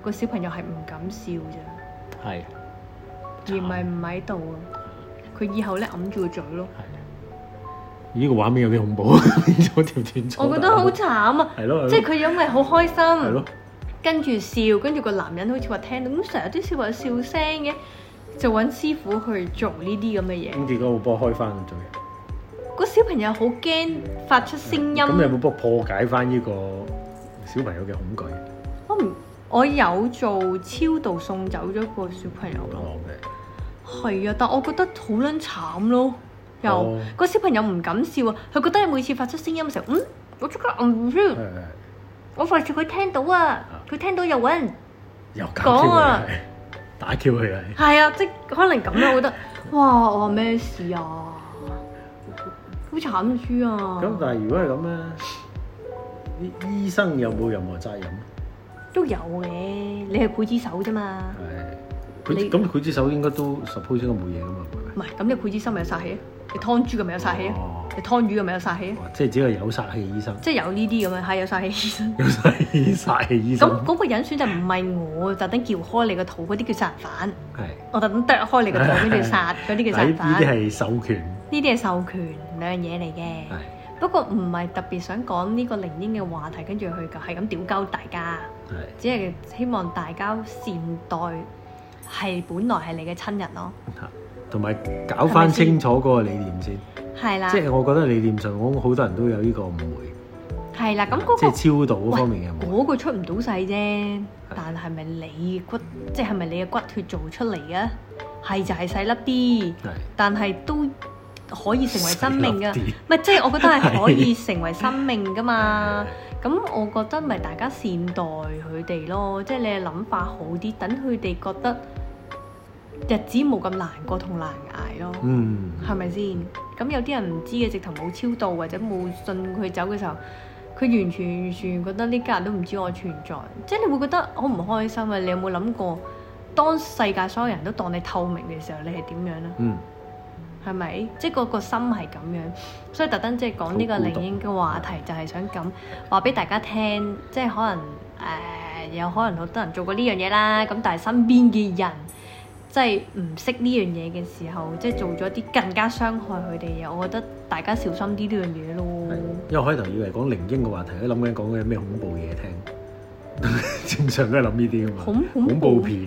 個小朋友係唔敢笑咋，係的而唔係唔喺度啊，佢以後咧揞住個嘴咯。呢個畫面有啲恐怖，變咗條斷腸。我覺得好慘啊！係咯，即係佢因為好開心，係咯的，跟住笑，跟住個男人好似話聽到，咁成日啲笑話笑聲嘅，就搵師傅去做呢啲咁嘅嘢。咁結果會幫開翻做嘢，小可可個小朋友好驚，發出聲音。咁你有冇幫我破解翻呢個小朋友嘅恐懼？我唔，我有做超度送走咗個小朋友咯。係啊、嗯嗯 okay.，但我覺得好撚慘咯。有、嗰個小朋友唔敢笑啊！佢覺得你每次發出聲音嘅時候，嗯，我即刻唔 f 我費事佢聽到啊！佢、啊、聽到又揾人講啊，打叫佢啊，係啊 了，即係可能咁樣，我覺得哇，我話咩事啊，好慘豬啊！咁但係如果係咁咧，啲醫生有冇任何責任？都有嘅，你係劊子手啫嘛。係，佢咁劊子手應該都 suppose 應該冇嘢噶嘛，唔係，咁啲劊子手咪有殺氣啊！你劏豬嘅咪有殺氣啊！你劏魚嘅咪有殺氣啊！即係只有有殺氣醫生，即係有呢啲咁啊，係有殺氣醫生，有殺氣殺氣醫生。咁嗰個人選就唔係我，特登撬開你個肚嗰啲叫殺人犯。係，我特登剁開你個肚嗰啲叫殺，嗰啲叫殺人犯。呢啲係授權，呢啲係授權兩樣嘢嚟嘅。係，不過唔係特別想講呢個靈嬰嘅話題，跟住佢就係咁屌鳩大家。係，只係希望大家善待，係本來係你嘅親人咯。同埋搞翻清楚嗰個理念先，係啦。即係我覺得理念上，我好多人都有呢個誤會。係啦，咁嗰個即係超渡嗰方面嘅。嗰個出唔到世啫，但係咪你骨即係咪你嘅骨血做出嚟啊？係就係細粒啲，但係都可以成為生命噶。唔係即係我覺得係可以成為生命噶嘛。咁我覺得咪大家善待佢哋咯。即係你嘅諗法好啲，等佢哋覺得。日子冇咁難過同難捱咯，嗯，係咪先？咁有啲人唔知嘅，直頭冇超渡或者冇信佢走嘅時候，佢完全完全覺得呢家人都唔知我存在，即係你會覺得好唔開心嘅、啊。你有冇諗過，當世界所有人都當你透明嘅時候，你係點樣咧？嗯，係咪即係個個心係咁樣，所以特登即係講呢個靈嬰嘅話題，就係想咁話俾大家聽，即係可能誒、呃，有可能好多人做過呢樣嘢啦，咁但係身邊嘅人。即係唔識呢樣嘢嘅時候，即係做咗啲更加傷害佢哋嘅，我覺得大家小心啲呢樣嘢咯。因為我開頭以為講靈嬰嘅話題，都諗緊講緊咩恐怖嘢聽， 正常都係諗呢啲啊嘛。恐恐怖，恐怖片，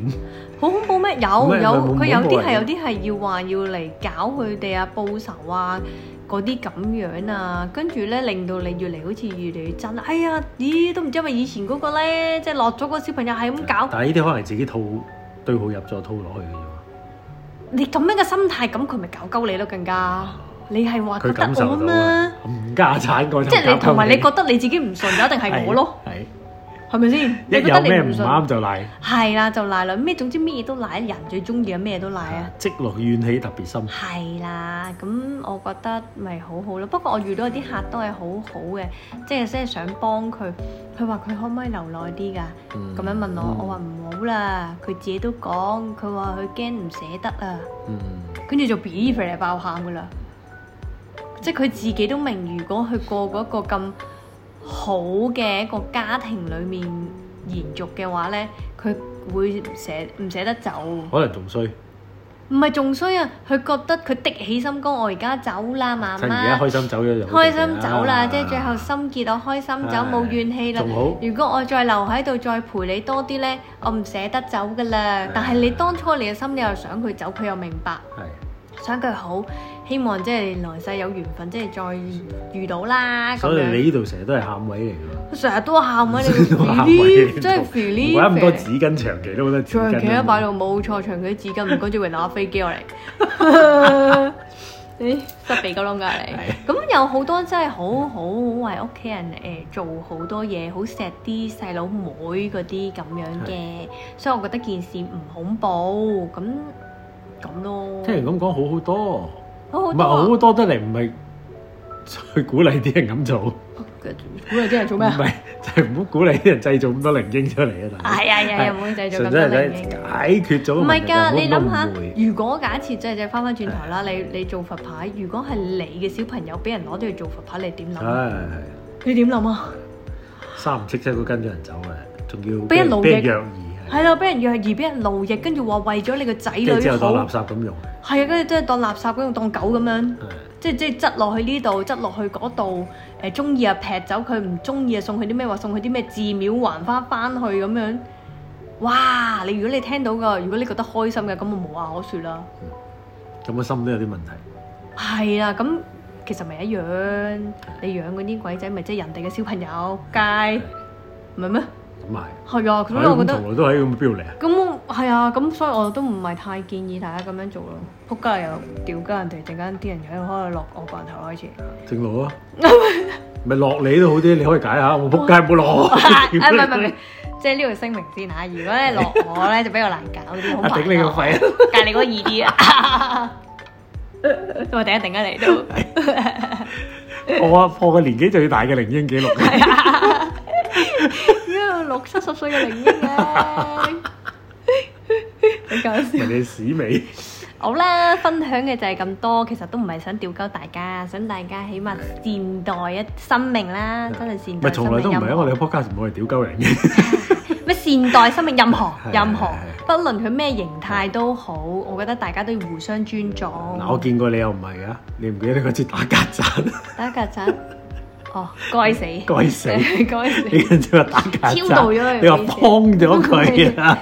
好恐怖咩？有麼有，佢是有啲係有啲係要話要嚟搞佢哋啊，報仇啊嗰啲咁樣啊，跟住咧令到你越嚟好似越嚟越真。哎呀，咦都唔知咪以前嗰個咧，即係落咗個小朋友係咁搞。但係呢啲可能係自己套。對號入咗套落去嘅要，你咁樣嘅心態，咁佢咪搞鳩你咯，更加，哦、你係話佢感受到啊嗎？冚家鏟即係你，同埋你，你覺得你自己唔順，就一定係我咯。 係咪先？你覺得你一有咩唔啱就賴，係啦就賴啦。咩？總之咩都賴，人最中意嘅咩都賴啊！積落、啊、怨氣特別深。係啦，咁我覺得咪好好咯。不過我遇到啲客都係好好嘅，即係真係想幫佢。佢話佢可唔可以留耐啲噶？咁、嗯、樣問我，我話唔好啦。佢自己都講，佢話佢驚唔捨得啊。跟住、嗯、就 break down 嚟爆喊噶啦，即係佢自己都明，如果佢過嗰個咁。好嘅一個家庭裏面延續嘅話呢，佢會捨唔捨得走？可能仲衰。唔係仲衰啊！佢覺得佢的起心肝，我而家走啦，媽媽。而家開心走咗又、啊。開心走啦，即係最後心結到開心走，冇怨氣啦。仲好。如果我再留喺度，再陪你多啲呢，我唔捨得走噶啦。啊、但係你當初你嘅心，你又想佢走，佢又明白。啊啊、想佢好。希望即係來世有緣分，即係再遇到啦。咁所以你依度成日都係喊位嚟㗎。我成日都喊位，你 feel？真係 feel？唔玩咁多紙巾，長期都好多紙巾。長期啊，擺到冇錯，長期紙巾唔該，仲會攞飛機落嚟。誒，塞鼻哥窿解嚟。咁有好多真係好好為屋企人誒做好多嘢，好錫啲細佬妹嗰啲咁樣嘅，所以我覺得件事唔恐怖咁咁咯。聽人咁講，好好多，唔係好多得嚟，唔係去鼓勵啲人咁做。鼓勵啲人做咩？唔係就係唔好鼓勵啲人製造咁多靈嬰出嚟啊！係係係，唔好製造咁多靈嬰。解決咗唔係㗎，你諗下，如果假設即係翻翻轉頭啦，你你做佛牌，如果係你嘅小朋友俾人攞咗去做佛牌，你點諗？係係。你點諗啊？三唔識七都跟咗人走啊，仲要俾一老弱兒。係啦，俾人虐而俾人勞役，跟住話為咗你個仔女，即係當垃圾咁用。係啊，跟住即係當垃圾咁用，當狗咁樣，即即係執落去呢度，執落去嗰度。誒，中意啊，劈走佢；唔中意啊，送佢啲咩？話送佢啲咩？寺廟還翻翻去咁樣。哇！你如果你聽到噶，如果你覺得開心嘅，咁我冇話可説啦。咁個心都有啲問題。係啊，咁其實咪一樣。你養嗰啲鬼仔，咪即係人哋嘅小朋友，街唔係咩？係啊，所以我覺得從來都係咁標嚟啊。咁係啊，咁所以我都唔係太建議大家咁樣做咯。撲街又屌鳩人哋，突然間啲人又喺度可能落我個頭開始。正路啊，咪落你都好啲，你可以解下。我撲街唔好落。唔係唔係，即係呢個聲明先嚇。如果你落我咧，就比較難搞啲。頂你個肺啊！隔離嗰個易啲啊！都話頂啊頂啊！你都我破個年紀最大嘅靈嬰紀錄。六七十歲嘅靈嬰啊！你講笑，人哋屎味。好啦，分享嘅就係咁多，其實都唔係想吊鳩大家，想大家起碼善待一生命啦，真係善。唔係從來都唔係，因為你 podcast 冇去吊鳩人嘅。咩善待生命？任何任何，不論佢咩形態都好，我覺得大家都要互相尊重。嗱，我見過你又唔係啊？你唔記得嗰次打曱甴？打曱甴。哦，該死！該死！該死！你又做乜打超度咗佢？你話幫咗佢啊？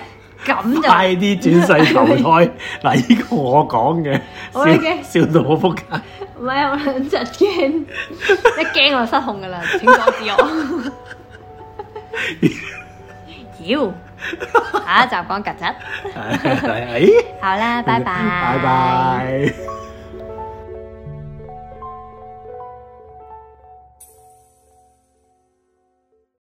快啲轉世投胎！嗱，呢個我講嘅，我驚笑到我扑街。唔係，我真係驚，一驚我就失控噶啦，天光子哦。妖，好啦，就講曱甴。好啦，拜拜。拜拜。